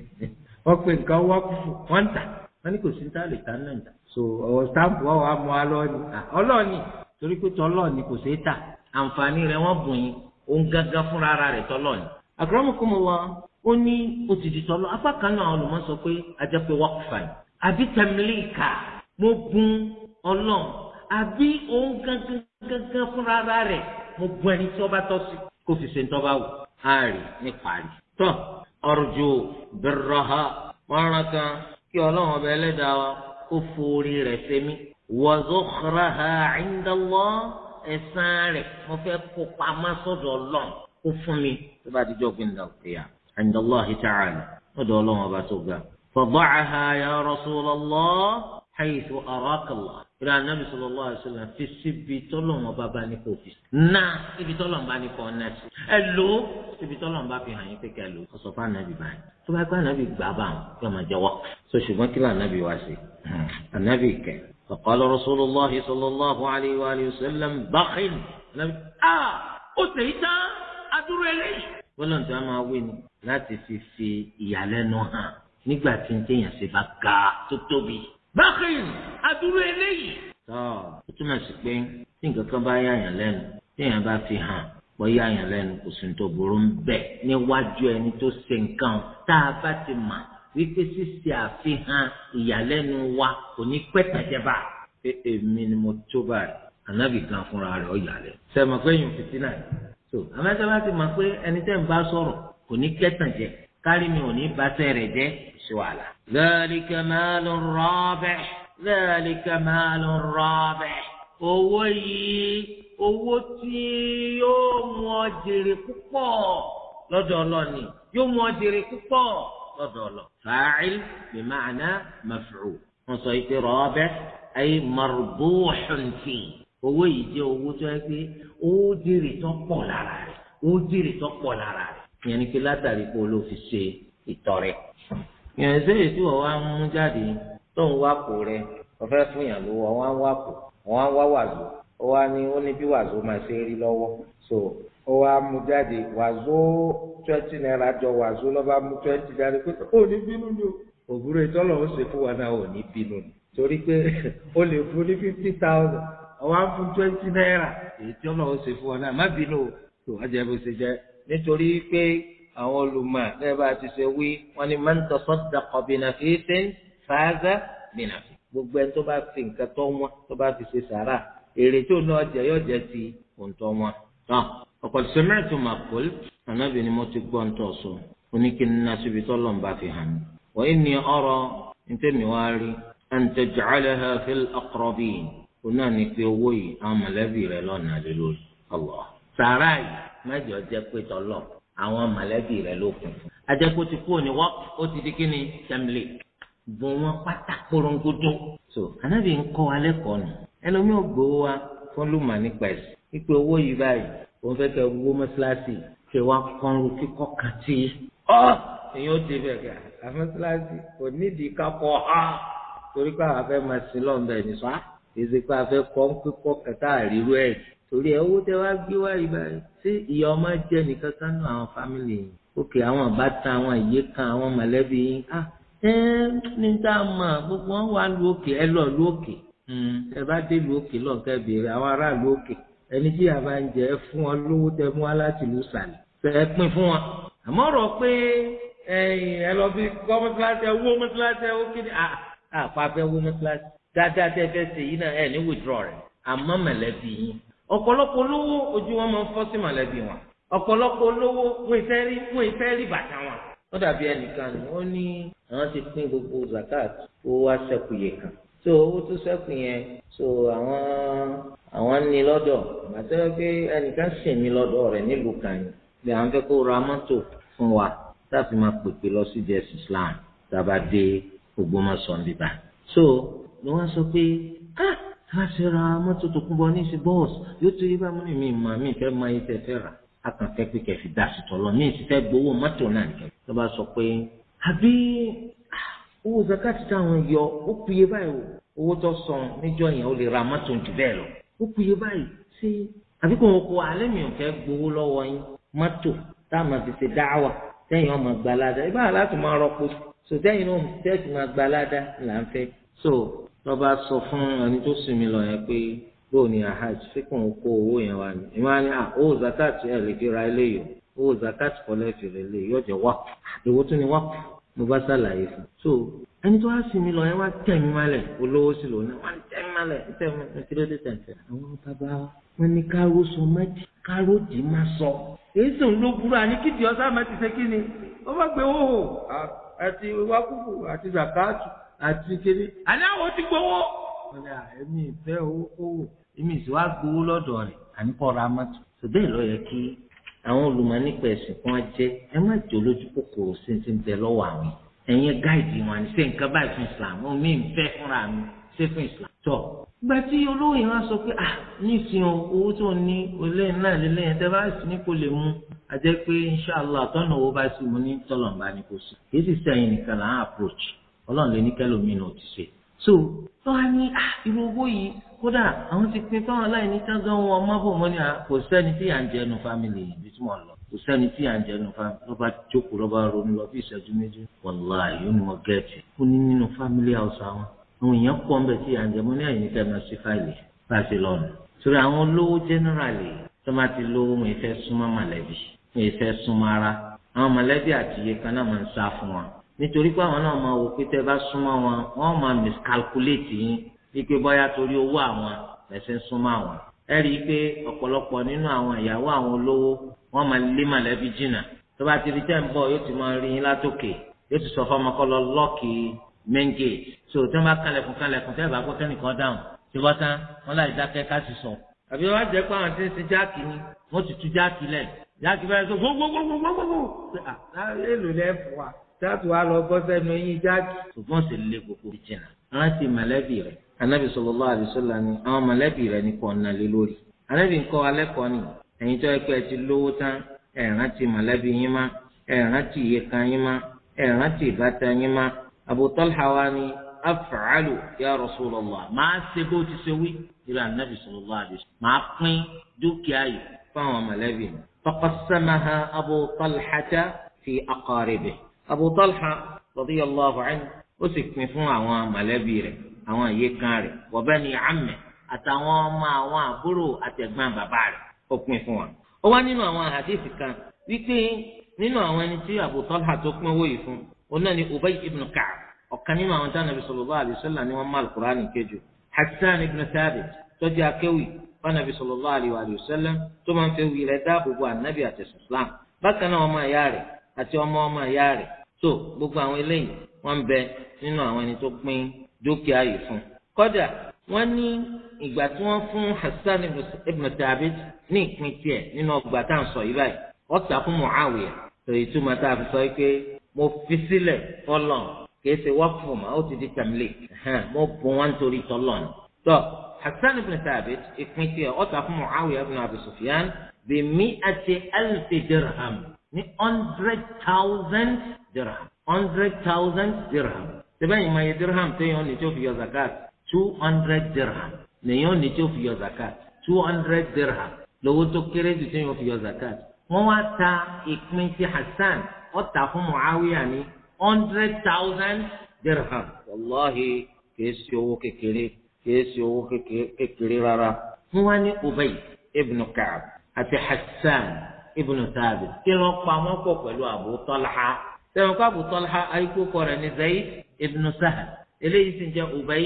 <laughs> wọ́n pe nǹkan waqfu wọ́n tà wọ́n ní kò sí tá lè ta náà so ọ̀wọ́ sáǹpù ọ̀wọ́ amọ̀ ah, alọ́ọ̀ni ọlọ́ọ̀ni torí pé tọ́lọ́ọ̀ni kò sí tà àǹfààní rẹ̀ wọ́n bùn yín òun gángan fúnra ara rẹ̀ tọ́lọ̀ ni. akramakumullah ó ní ó ti di tọ́lọ́ apá kan náà àwọn olùmọ̀ sọ pé ajẹ́ pé waqfa àbí tamlika mo bùn ọlọ́run àbí òun gángan gángan fúnra ara rẹ̀ mo bùn ẹni tí ọba tọ́ sí kó fi ṣe ń tọ́ba wò á nípa rí. tọ́ ọ̀rọ̀jò birraha wọ́n kan kí ọlọ́run ọba ẹlẹ́dàá kó forí rẹ̀ sẹ́mi wa ẹ̀san rẹ̀ mo fẹ́ kó pamọ́ sọ́dọ̀ ọlọ́run kó fún mi tó bá dijọ́ gbé nígbà òkèèyà inda Allah ta'ala lọ́dọ̀ ọlọ́run ọba tó ga. fada'aha ya Rasulallah haythu araka Allah. ìlànà nàbì sallallahu alaihi wasallam fi síbi tọ́lọ́run ọba bá ní kò fi sí. na ibi tọ́lọ́run bá ní kò ọ̀nà sí. ẹ lò ó ibi tọ́lọ́run bá fi hàn yín pé kẹ́ lò ó. ọ̀sọ̀ fún ànábì báyìí tó bá gbá ànábì gbà bá àwọn yóò máa jẹ́wọ́. so ṣùgbọ́n kí lànàbì wá sí ànábì kẹ́ فقال رسول الله صلى الله عليه وآله وسلم بخل آه أتيتا أدور إليه ولا أنت أما وين لا تفي يعلنها nígbà tí n téèyàn ṣe bá ga tó tóbi. bákan adúrú eléyìí. tọ́ ó túmọ̀ sí pé tí nǹkan kan bá yáyàn lẹ́nu téèyàn bá fi hàn pọ̀ yáyàn lẹ́nu kò sí ní tó burú ń bẹ̀ níwájú ẹni tó ṣe nǹkan tá a bá ti mà wípé ṣíṣe àfihàn ìyàlẹ́nu wa kò ní pẹ́tàjẹba. pé èmi ni mo tó báyìí ànábì gan fúnra rẹ̀ ó yàlẹ̀. sẹ́mi pé yín fìtínà ni. so àmọ́tẹ́ bá ti mọ̀ pé ẹni tẹ́ ń bá sọ̀rọ̀ kò ní kẹ́tàjẹ kárí mi ò ní bàtẹ́ rẹ̀ jẹ́ ṣùwàlà. dhalika malun rabih dhalika malun rabih owó yìí owó tí yóò mú ọ jèrè púpọ̀ lọ́dọ̀ ọlọ́ni yóò mú ọ jèrè púpọ̀ sọ́dọ̀ ọ̀lọ́ fàáìl bí màánà màfùrù wọn sọ pé rọ́ọ̀bẹ ayé màrúbù ṣùntì owó yìí jẹ́ owó tó yẹ pé ó jèrè tó pọ̀ lára rẹ̀ ó jèrè tó pọ̀ lára rẹ̀ ìyẹn ni pé látàrí pé olófin ṣe ìtọrẹ ìyẹn ìbéèrè tí wọn wá ń mú jáde tó ń wákò rẹ wọn fẹ́ fún yàn lówó wọn wá wákò wọn wá wàzó wọn wá ó ní bí wàzó máa ṣe rí lọ́wọ́ ó wá mú jáde wàzó twenty naira jọ wàzó lọ́ba mú twenty jáde pé ó ní bínú ni o òbúrò ìtọ́lọ̀ ó ṣe fún wa náà ò ní bínú ni torí pé <laughs> ó lè fún ní fifty thousand ọwọ́ á fún twenty naira èyí tí ọlọ́ ó ṣe fún wa náà má bínú o tó wájú ẹ bó ṣe jẹ nítorí pé àwọn olùmọ̀ lẹ́ẹ̀bà ti ṣe wí wọ́n ní máa ń tọ́sọ́ dàkọ̀ bìnàfíìsì fàáza bìnàfí gbogbo ẹni tó bá fi nǹkan tó wọn tó bá fi ṣe sàrà èrè tó náà jẹ yóò jẹ ti òǹtọ̀ wọn tán ọ̀pọ̀lọpọ̀ sẹ́mẹ́rìntì máa kọ́ ànábì ni mo ti gbọ́ ń tọ̀ sọ oníkíní náà síbi tọ́lọ̀ ń bá fi hàn mí. wọ́n ní ọ̀rọ̀ ntẹ́mi wá rí àǹtẹ̀jọ́ alẹ́ ha fi ọkọ̀rọ̀ bí yìí ó náà ní pé owó yìí àwọn mọ̀lẹ́bí rẹ̀ lọ́nà lé lórí ọ̀lọ́. sàrà yìí mẹ́jọ jẹ́ pé tọ́lọ̀ àwọn mọ̀lẹ́bí rẹ̀ ló kù. ajẹ́kó ti kú òun fẹ́ kẹ́ wó mọ́ṣáláṣí ṣe wá kọ́ńrú kíkọ́ kan tí ọ́ èyàn ó ti bẹ̀ gà àmọ́ṣáláṣí kò nídìí kápọ̀ ha torí pé àwọn afẹ́ máa sin lọ́n bẹ̀ nìfà èsì pé afẹ́ kọ́ kíkọ́ kẹta àríwú ẹ̀ torí ẹ̀ owó tẹ wá gbé wá yìí báyìí sí ìyá ọmọ jẹ́ nìkan kánú àwọn fámìlì yìí òkè àwọn àbátan àwọn àyè kan àwọn mọ̀lẹ́bí yìí ah ẹ́ ní tá a mọ̀ gbogbo wọn wà lóòkè ẹ lọ lóòkè hmm, ẹ bá dé lóòkè lọ́ọ̀kẹ́ bèrè àwọn aráàlú òkè ẹni tí a bá ń jẹ ẹ fún wọn lówó tẹ mú wá láti ìlú sàlẹ̀ ẹ pín fún wọn. àmọ́ rọ̀ pé ẹ lọ fi kọ́ mọ́tíláṣẹ́ wó mọ́tíláṣẹ́ ó kéde àpapẹ́ wó mọ́tíláṣẹ́ dáadáa tẹ́ fẹ́ ṣe yìí náà ẹ ní withdraw rẹ̀ àmọ́ mọ̀lẹ́bí yín. ọ̀pọ̀lọpọ̀ olówó ojú wọn máa ń fọ́ sí mọ̀lẹ́bí wọn ọ̀pọ̀lọpọ̀ olówó wọn ìfẹ́ rí wọn ìfẹ́ rí bàtà wọn. ó dàbí ẹnìkan ni ó ní àwọn ti pín gbogbo zakat owó aṣẹ́kùyè kan so owó tó ṣẹ́kù yẹn so àwọn àwọn ní lọ́dọ̀ àtẹ́wọ́ pé ẹnìkan sì ní lọ́dọ̀ rẹ̀ nílùú kan yìí bí àwọn fẹ́ kó ra mọ́tò fún wa láti máa pèpè lọ sí jẹ́ Islam tàbá dé Ògbómọ̀ṣọ́ níbà so ni wọ́n sọ pé ah láti ra mọ́tò tó kún bọ ní ìsìn bọ́ọ̀sì yóò tó yí bá mú mi mà mí fẹ́ máa yí fẹ́ fẹ́ rà á kàn fẹ́ pé kẹ̀fì dá sí tọ́lọ́ mí ìsìn fẹ́ gbowó mọ́tò náà nìkan tó bá sọ pé àbí owó zakati táwọn yọ ó kúye báyìí o owó tó sàn níjọ yẹn ó lè ra mọ́tò jù bẹ́ẹ̀ lọ ó kúye báyìí ṣé àbí kò ń kó alẹ́ mi ò fẹ́ gbowó lọ́wọ́ yín mọ́tò táwọn fi dáwà tẹ́yìn ọmọ gbalada ibà láti máa rọpò so tẹ́yìn náà tẹ́sí máa gbalada là ń fẹ́ so lọ́ba sọ fún ẹni tó sùn mí lọ yẹn pé bóò ni ahaj ṣé kò ń kó owó yẹn wá ni ìmọ̀ ni owó zakati ẹ̀ lè fi ra eléyìí owó zakati kọ́lẹ́ ni wákù mo bá ṣàlàyé fún un so ẹni tó wá sí mi lọ yẹn wá tẹ̀ mí malẹ̀ olówó sí lòun náà wá tẹ̀ mí malẹ̀ tẹ̀ mí malẹ̀ kí ló dé tẹ̀sẹ̀. àwọn bàbá wọn ní káró sọ mẹ́tì káró dì má sọ. èyí sì ń lo burú àní kìdí ọ̀sán mẹ́tì ṣe kí ni ó bá gbé wò àti wákùkù àti zakatu àti kéde. àní àwọn ti gbowó. ọ̀rẹ́ àmì ìfẹ́ owó kówó èmi ìsìwá gbowó lọ́dọ̀ rẹ̀ àní kọ́ ra mọ́tò. ṣùgbọ́n ìlọ yẹ kí àwọn olùmọ̀ nípa ẹ̀sìn kan jẹ́ ẹ má jò lójú kòkòrò sí bẹ lọ́wọ́ àwọn ẹ̀yin gáìdì wọn ni ṣé nǹkan báyìí fún Islam ó mí ń fẹ́ fúnra mi ṣé fún Islam tọ̀. ìgbà tí olówó yìí wá sọ pé à ah, nísìnyí owó tó ní olè náà lélẹ̀ yẹn tẹ́ bá sì ní kó lè mú a pé inṣàlá àtọ́nà owó bá sì mú ní tọ́lọ̀ǹba ni kò sí. kì í sì sẹ́yìn nìkan là ń approach ọlọ́run lè ní kẹ́lòmínú ò ti ṣe so wọ́n á ní ah, irú owó yìí kódà àwọn ti pin fáwọn aláìní tágán wọn ọmọbùnmọ́ ni ah, kò sẹ́ni tí à ń jẹnu fámìlì yìí bí tí mo lọ kò sẹ́ni tí à ń jẹnu fámìlì lọ́ba jókòó lọ́ba ronú lọ bí ìṣẹ́jú méjì wàláhì ó ní mo gẹ̀ẹ́tì ó ní nínú fámìlì àwòsàn wọn àwọn èèyàn pọ̀ ń bẹ̀ tí à ń jẹun ní àyìn tẹ́ máa ṣe fáìlì bá a ṣe lọ́nu. torí àwọn olówó jẹ́nẹ́rálì tó máa ti lówó wọn ìfẹ́ nítorí pé àwọn náà máa wò pé tẹ́ bá súnmọ́ wọn wọ́n máa miscalculate yín wípé bóyá torí owó àwọn ẹ̀sẹ̀ ń súnmọ́ àwọn. ẹ rí i pé ọ̀pọ̀lọpọ̀ nínú àwọn ìyàwó àwọn olówó wọ́n máa lé màlẹ́bí jìnnà tó bá ti rí tẹ́ ń bọ̀ yóò ti máa rí yín látòkè yóò ti sọ fọmọ kọ́ lọ lọ́ọ̀kì main gate so tẹ́ bá kalẹ̀kùn kalẹ̀kùn tẹ́ bá kó dáhùn ti tú jáàtù wa lọ gbọ́ sẹ́nu eyín jáàkì. ṣùgbọ́n sì lè gbogbo ìjìnà rántí mọ̀lẹ́bí rẹ̀ anábì sallallahu alaihi wasallam ni àwọn mọ̀lẹ́bí rẹ̀ ní kò ọ̀nà lé lórí. anábì ń kọ́ alẹ́ kọ́ ni ẹ̀yin tó yẹ ti lówó tán ẹ̀ rántí mọ̀lẹ́bí yín má ẹ̀ rántí iye kan yín má ẹ̀ rántí ìbátan yín má. Abu Talha wa ni af'alu ya Rasulullah máa ṣe bó ti ṣe wí ìrẹ anábì sallallahu alaihi wasallam Abu Talha radiyallahu anhu ó sì pín fún àwọn mọ̀lẹ́bí rẹ̀ àwọn ìyèkan rẹ̀ wa bani ammi àtàwọn ọmọ àwọn àbúrò àtẹ̀gbọ́n bàbá rẹ̀ ó pín fún wọn. ó wá nínú àwọn hadith kan wípé nínú àwọn ẹni tí Abu Talha tó pín owó yìí fún òun náà ni Ubay ibn Ka'b ọ̀kan nínú àwọn táwọn Nabi sallallahu alaihi wasallam ni wọ́n má al-Qur'an kejì Hassan ibn Thabit tó akéwì fanabi sallallahu alaihi tó máa ń fẹ́ wí rẹ̀ ànábì àtẹ̀sùn Islam bákan náà ọmọ ẹ̀yà rẹ̀ àti ọmọ ọmọ ìyá rẹ̀ tó gbogbo àwọn eléyìí wọ́n ń bẹ nínú àwọn ẹni tó pín dúkìá yìí fún. kódà wọ́n ní ìgbà tí wọ́n fún Hassan ibn Thabit ní ìpín tiẹ̀ nínú ọgbà tá à ń sọ yìí báyìí ó tà fún Muawiya tòyí túmọ̀ tá a fi sọ pé mo fi sílẹ̀ fọlọ́ kìí ṣe wọ́pù mà ó ti di tẹ̀mílẹ̀ mo bù wọn torí tọ́lọ́ ni. tọ́ Hassan ibn Thabit ìpín tiẹ̀ ó tà fún Muawiya ibn Abi Sufyan bi mi'ati alfi dirham ní hundred thousand dirham hundred thousand dirham sẹ́bẹ̀yìn máa yẹ dirham téèyàn ní tó fi yọ zakat two hundred dirham lèèyàn ní tó fi yọ zakat two hundred dirham lówó tó kéré jù téèyàn fi yọ zakat wọ́n wá ta ìpín ti Hassan ọ̀tà fún Muawiya ní hundred thousand dirham wàláhi kìí ṣe owó kékeré kìí ṣe owó kékeré rárá. wọ́n wá ní Ubay ibn Ka'b àti Hassan ibùnú sáàbì kí ló pa wọn pọ̀ pẹ̀lú Abu Talha sẹ́wọ̀n kó Abu Talha ayíkókò rẹ̀ ní Zayd ibùnú Sahl eléyìí sì ń jẹ́ Ubay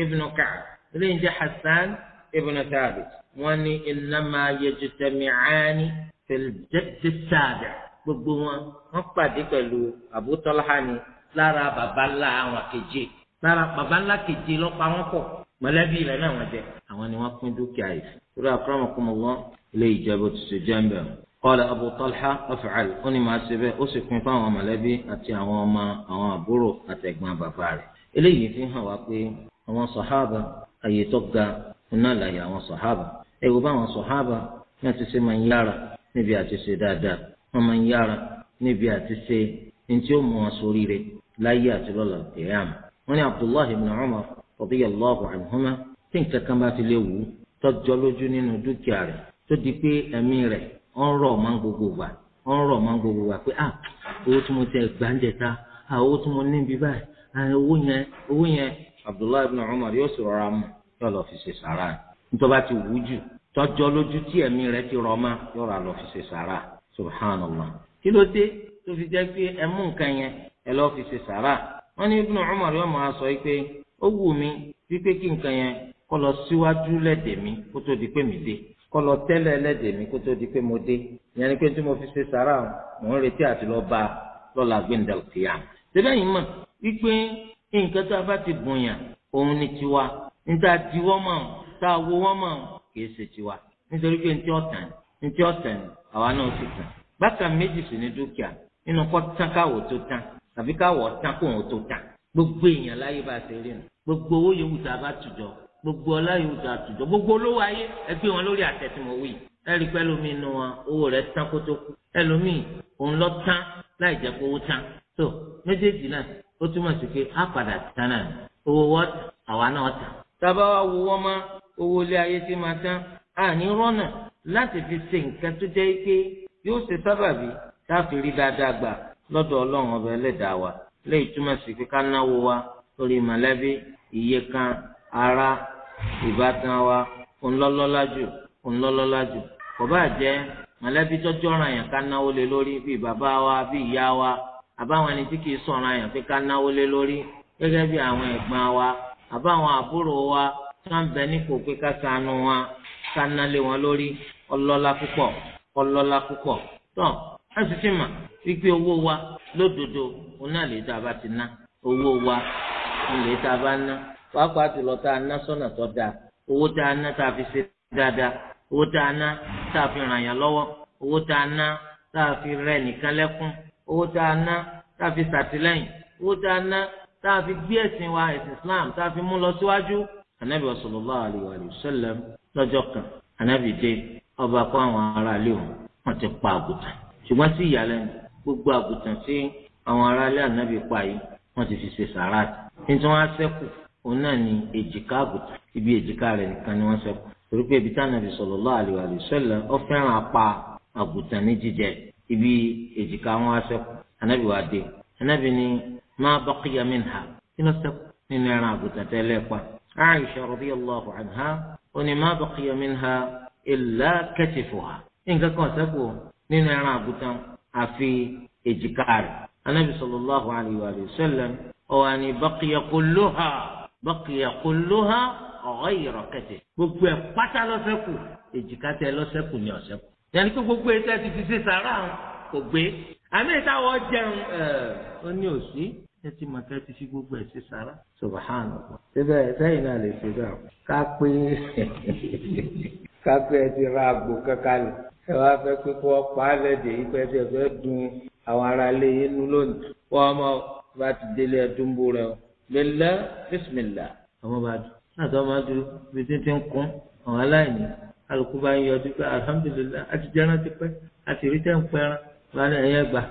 ibùnú Ka'b eléyìí ń jẹ́ Hassan ibùnú sáàbì wọ́n ní innama yajtami'ani fil jaddi sáàbì gbogbo wọn wọ́n pàdé pẹ̀lú Abu Talha ni lára baba ńlá àwọn keje lára baba ńlá keje ló pa wọn pọ̀ mọ̀lẹ́bí rẹ̀ náà wọ́n jẹ àwọn ni wọ́n pín dúkìá yìí. sórí àkọ́rọ́mọkùnmọ́ wọn ilé jẹ́ ń bẹ̀rù kọ́lá abu talha af'al ó ní máa ṣe bẹ́ẹ̀ ó sì pín fáwọn mọ̀lẹ́bí àti àwọn ọmọ àwọn àbúrò àtẹ̀gbọ́n bàbá rẹ̀ eléyìí fi hàn wá pé àwọn sọ̀háàbà àyè tó ga iná làyè àwọn sọ̀háàbà ẹ wo báwọn sọ̀háàbà ní àti ṣe máa ń yára níbi àti ṣe dáadáa wọ́n máa ń yára níbi àti ṣe ní tí ó mú wọn sóríire láyé àti lọ́la qiyam wọ́n ní abdullahi ibn umar radiyallahu anhuma tí nǹkan kan bá ti lè wù tọ́jọ́ lójú nínú dúkìá rẹ̀ tó di pé ẹ̀mí rẹ̀ ọ̀rọ̀ máa ń gbogbo wa ọ̀rọ̀ máa ń gbogbo wa pé ah, owó tí mo ti gbà ń jẹta à ah, owó tí mo ní bí báyìí ah, Abdullahi ibn Umar yóò sì rọra mu yóò lọ fi ṣe sàrà nítorí ti wù ú jù tọjọ lójú tí rẹ ti rọ ma yóò rà lọ fi ṣe sàrà subhanallah kí ló dé tó fi pé nǹkan yẹn ẹ lọ fi ṣe sàrà wọn ní ibn Umar yóò máa sọ pé ó wù mí wípé kí nǹkan yẹn lọ síwájú lẹ́dẹ̀ẹ́ mi kó kọlọ tẹ́lẹ̀ ẹlẹ́dẹ̀ mi kó tó di pé mo dé ìyẹn ni pé tí mo fi ṣe sàrà mò ń retí àti lọ bá lọ́la gbẹ̀ndẹ̀ kìyàm. síbẹ̀ yìí mọ̀ wípé nǹkan tá a bá ti bùn yàn òun ni tiwa níta di wọ́n mọ̀ tá a wo wọ́n mọ̀ kìí ṣe tiwa nítorí pé ntí ọ̀tàn ntí ọ̀tàn àwa náà ti tàn. bákan méjì sì ni dúkìá nínú kọ́ tán káwọ̀ tó tán àbí káwọ̀ tán kóhun tó tán gbogbo èèyàn láyé bá ṣe rí nu gbogbo owó gbogbo ọláyòdò àtùjọ gbogbo olówó ayé ẹgbẹ́ wọn lórí àtẹ̀tìmọ̀wé ẹ̀rí pẹ́ lómi nu wọn owó rẹ̀ tán kó tó kú ẹlòmíì òun lọ tán láì jẹ́ kówó tán tó méjèèjì náà ó túmọ̀ sí pé á padà tán náà owó wọ́n àwa náà tán. tábà wá wo wọ́n mọ́ owó ilé ayé tí máa tán àní rọ́nà láti fi ṣe nǹkan tó jẹ́ pé yóò ṣe sábàbí tá fi rí dáadáa gbà lọ́dọ̀ ọlọ́run ọba ẹlẹ́dàá wa léyìí túmọ̀ sí pé ká náwó wa lórí mọ̀lẹ́bí ìyèkan ara ìbátan wa ńlọ́lọ́lá jù ńlọ́lọ́lá jù kò bá jẹ́ mọ̀lẹ́bí tọ́jú ọ̀ràn yẹn ká náwó lé lórí bíi bàbá wa bíi ìyá wa àbáwọn ẹni tí kìí sọ̀ràn yẹn pé ká náwó lé lórí gẹ́gẹ́ bí àwọn ẹ̀gbọ́n wa àbáwọn àbúrò wa tó ń bẹ nípò pé ká ṣàánú wa ká ná wọn lórí ọlọ́lá púpọ̀ ọlọ́lá púpọ̀ tó a sì ti mà wípé owó wa lódodo òun náà lè tá a bá ti ná owó wa lè tá a bá ná pàápàá jùlọ tá a ná sọ́nà tó dáa owó tá a ná tá a fi ṣe dáadáa owó tá a ná tá a fi ràn yàn lọ́wọ́ owó tá a ná tá a fi rẹ nìkan lẹ́kún owó tá a ná tá a fi ṣàtìlẹ́yìn owó tá a ná tá a fi gbé ẹ̀sìn wa ẹ̀sìn Islam tá a fi mú lọ síwájú. anabi sallallahu alayhi wa sallam lọ́jọ́ kan anabi dé ọba kó àwọn aráalé òun wọ́n ti pa àgùntàn ṣùgbọ́n sí ìyàlẹ́nu gbogbo àgùntàn tí àwọn aráalé anabi pa yìí wọ́n ti fi ṣe sàráàtì nítorí wọ́n á ṣẹ́kù òun náà ni èjìká àgùtàn ibi èjìká rẹ̀ nìkan ni wọ́n ṣẹ́kù torí pé ibi táwọn nàbì sallallahu alaihi wasallam ó fẹ́ràn apá àgùtàn ní jíjẹ ibi èjìká wọn wá ṣẹ́kù anábì wá dé anábì ni ma baqiya minha nínú ṣẹ́kù nínú ẹran àgùtàn tẹ́lẹ̀ pa Aisha radiyallahu anha ó ní ma baqiya minha illa katifuha nǹkan kan ṣẹ́kù nínú ẹran àgùtàn àfi èjìká rẹ̀ anábì sallallahu alaihi wasallam ó wá ní baqiya kulluha baqiya kulluha ghayra katih gbogbo ẹ̀ pátá lọ́sẹ̀kù èjìká tẹ lọ́sẹ̀kù ní ọ̀sẹ̀kù. yẹn kí gbogbo ẹ̀ tẹ́ ti fi ṣe sàrà kò gbé àmì ìtawọ̀ jẹun ẹ̀ ó ní òsì ẹ ti mọ̀ tẹ́ ti fi gbogbo ẹ̀ sí sara. subhanallah. síbẹ̀ sẹ́yìn náà lè ṣe bẹ́ẹ̀ ká pé <laughs> ká pé ẹ ti ra àgbò kankanlẹ̀ ẹ wá fẹ́ pé kó wọ́n pa á lẹ́dẹ̀ yìí fẹ́ lẹ́lẹ́ bísímìlà àwọn bá dùn náà tó máa dùn bí títí ń kún àwọn aláìní alùpùpù bá ń yọjú pé alhamdulilá àti jẹran ti pẹ́ àti rí tẹ́ ń pẹ́ran wọn ni ẹ̀yin ẹgbà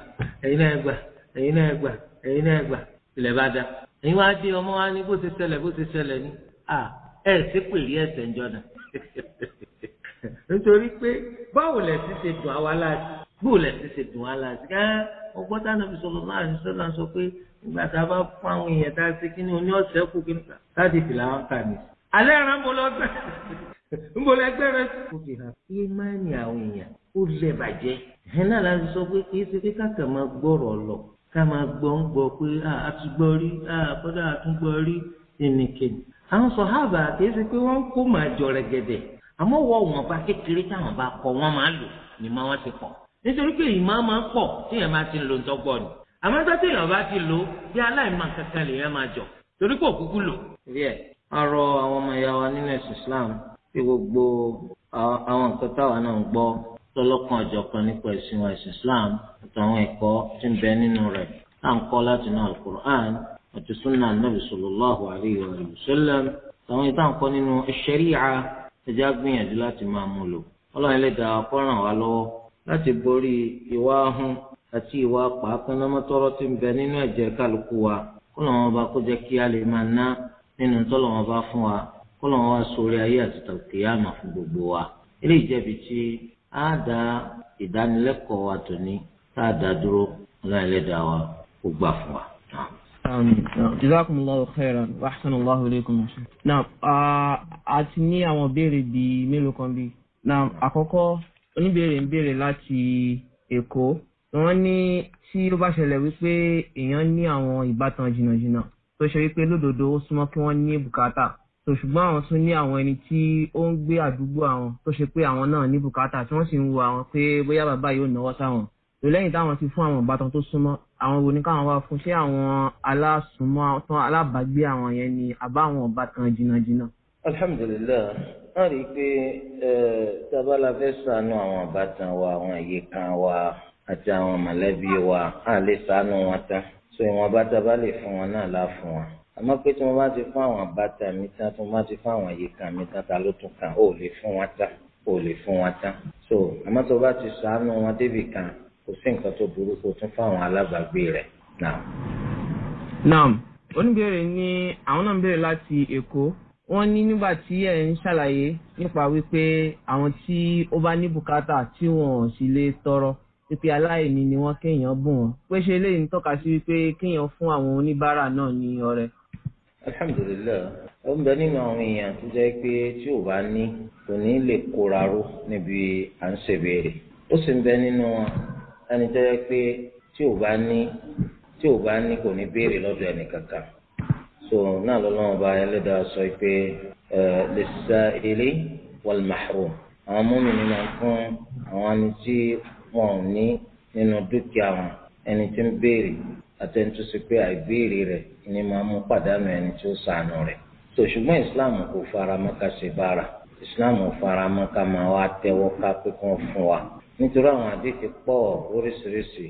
ẹ̀yin náà ẹgbà ẹ̀yin náà ẹgbà ẹ̀yin náà ẹgbà ilẹ̀ bá da ẹ̀yin wá dé ọmọ wa ní bó ti ṣẹlẹ̀ bó ti ṣẹlẹ̀ ní à ẹ̀ sí pèlí ẹ̀sẹ̀ ńjọ́nà <laughs> nítorí pé báwo lẹ̀ sí ṣe dùn àwa láti báwo lẹ̀ sí ṣe dùn àwa láti ọgbọ́n tánà fi sọ nígbà tá a bá fún àwọn èèyàn tá a ṣe kí ni oní ọ̀sẹ̀ kù kí ni ká láti fi làwọn kà ní. alẹ́ ẹ̀rọ mo lọ gbẹ nbọ <laughs> lẹ gbẹrẹ. ó fi hàn pé máa ní àwọn èèyàn ó lè bàjẹ́ ẹ̀hìn náà láti sọ pé kì í ṣe pé káàkiri máa gbọ́rọ̀ lọ ká máa gbọ́ ń gbọ́ pé àtúgbọ́ rí àkọ́dá àtúgbọ́ rí ẹnìkejì. àwọn sọ̀hábà kì í ṣe pé wọ́n kó màá jọrẹ gẹ̀dẹ̀ àmọ́ àmọ́ ẹgbẹ́ tí èèyàn bá ti lò bí aláìmọ̀ kankan lè yẹn máa jọ torí kò kúkú lò. rí ẹ a rọ àwọn ọmọ ìyá wa nínú ẹ̀sìn Islam bí gbogbo àwọn nǹkan táwa náà ń gbọ́ tọlọ́kan ọ̀jọ̀kan nípa ẹ̀sìn wa ẹ̀sìn Islam àtàwọn ẹ̀kọ́ tí ń bẹ nínú rẹ̀ à ń kọ́ láti inú Al-Qur'an àti sunna anabi sallallahu alayhi wa sallam àtàwọn ìta ń kọ́ nínú ṣẹ̀ríà ẹ̀já gbìyànjú láti máa mú lò ọlọ́run ẹlẹ́dàá kó ràn wá lọ́wọ́ láti borí ìwà ahun àti ìwà pàápàánàmọ́tọ́rọ́ ti ń bẹ nínú ẹ̀jẹ̀ kálukú wa kó lọ́wọ́n bá kó jẹ́ kí a lè máa ná nínú tọ́lọ́wọ́n bá fún wa kó lọ́wọ́n wá sórí ayé àti tàkìyàmà fún gbogbo wa. ilé ìjẹ́bi tí a dá ìdánilẹ́kọ̀ọ́ wa tòní tá a dá dúró ọláìlẹ́dàá wa ó gbà fún wa. Àmín. Jazakum Allahu wa ahsana Allahu ilaykum. Náà a ti ní àwọn béèrè bíi mélòó kan bíi. Náà àkọ́kọ́ oníbèrè ń wọ́n ní tí ó bá ṣẹlẹ̀ wípé èèyàn ní àwọn ìbátan jìnnàjìnnà tó ṣe wípé lódodo ó súnmọ́ kí wọ́n ní bùkátà tó ṣùgbọ́n àwọn tún ní àwọn ẹni tí ó ń gbé àdúgbò àwọn tó ṣe pé àwọn náà ní bùkátà tí wọ́n sì ń wo àwọn pé bóyá bàbá yóò náwó sáwọn tó lẹ́yìn táwọn ti fún àwọn ìbátan tó súnmọ́ àwọn wo ni káwọn wá fún ṣé àwọn alásùnmọ́ tán alábàágbé àwọn yẹn ni àbá àwọn ìbátan jìnnàjìnnà. alhamdulilayi a rí i pé eh, tábàlà fẹ́ sànú àwọn ìbátan wa àwọn àyíká wa àti àwọn mọ̀lẹ́bí wa á lè ṣàánú wọn tán so ìwọn bàtà bá lè fún wọn náà lá fún wọn àmọ́ pé tí wọ́n bá ti fún àwọn bàtà mi tán tí wọ́n bá ti fún àwọn yìíkan mi tán ta ló tún kàn ó lè fún wọn tán ó lè fún wọn tán so àmọ́ tó bá ti ṣàánú wọn débì kan kò sí nǹkan tó burú kó tún fún àwọn alábàágbé rẹ̀ náà. naam oníbèrè ni àwọn náà ń bèrè láti Èkó wọ́n ní nígbà tí ẹ̀ ń ṣàlàyé nípa wípé àwọn tí ó bá ní bùkátà tí wọ́n sì lè tọrọ wípé aláìní ni wọ́n kéèyàn bùn wọn pé ṣe eléyìí ń tọ́ka sí wípé kéèyàn fún àwọn oníbàárà náà ní ọrẹ. alhamdulilayi ó ń bẹ nínú àwọn èèyàn tó jẹ́ pé tí ò bá ní kò ní lè kóra ró níbi à ń ṣèbéèrè ó sì ń bẹ nínú ẹni tó jẹ́ pé tí ò bá ní tí ò bá ní kò ní béèrè lọ́dọ̀ ẹnìkankan so náà lọ́lọ́wọ́n bá ẹlẹ́dàá sọ pé lissa'ili wal mahrum àwọn múmi ni máa fún àwọn ẹni tí wọn ò ní nínú dúkìá wọn ẹni tí ń béèrè àti pé àìbéèrè ni máa mú pàdánù ẹni tí ó sànù islam kò fara mọ́ ṣe bára islam fara mọ́ ká máa wá tẹ́wọ́ ká pé kí wọ́n fún wa nítorí àwọn oríṣiríṣi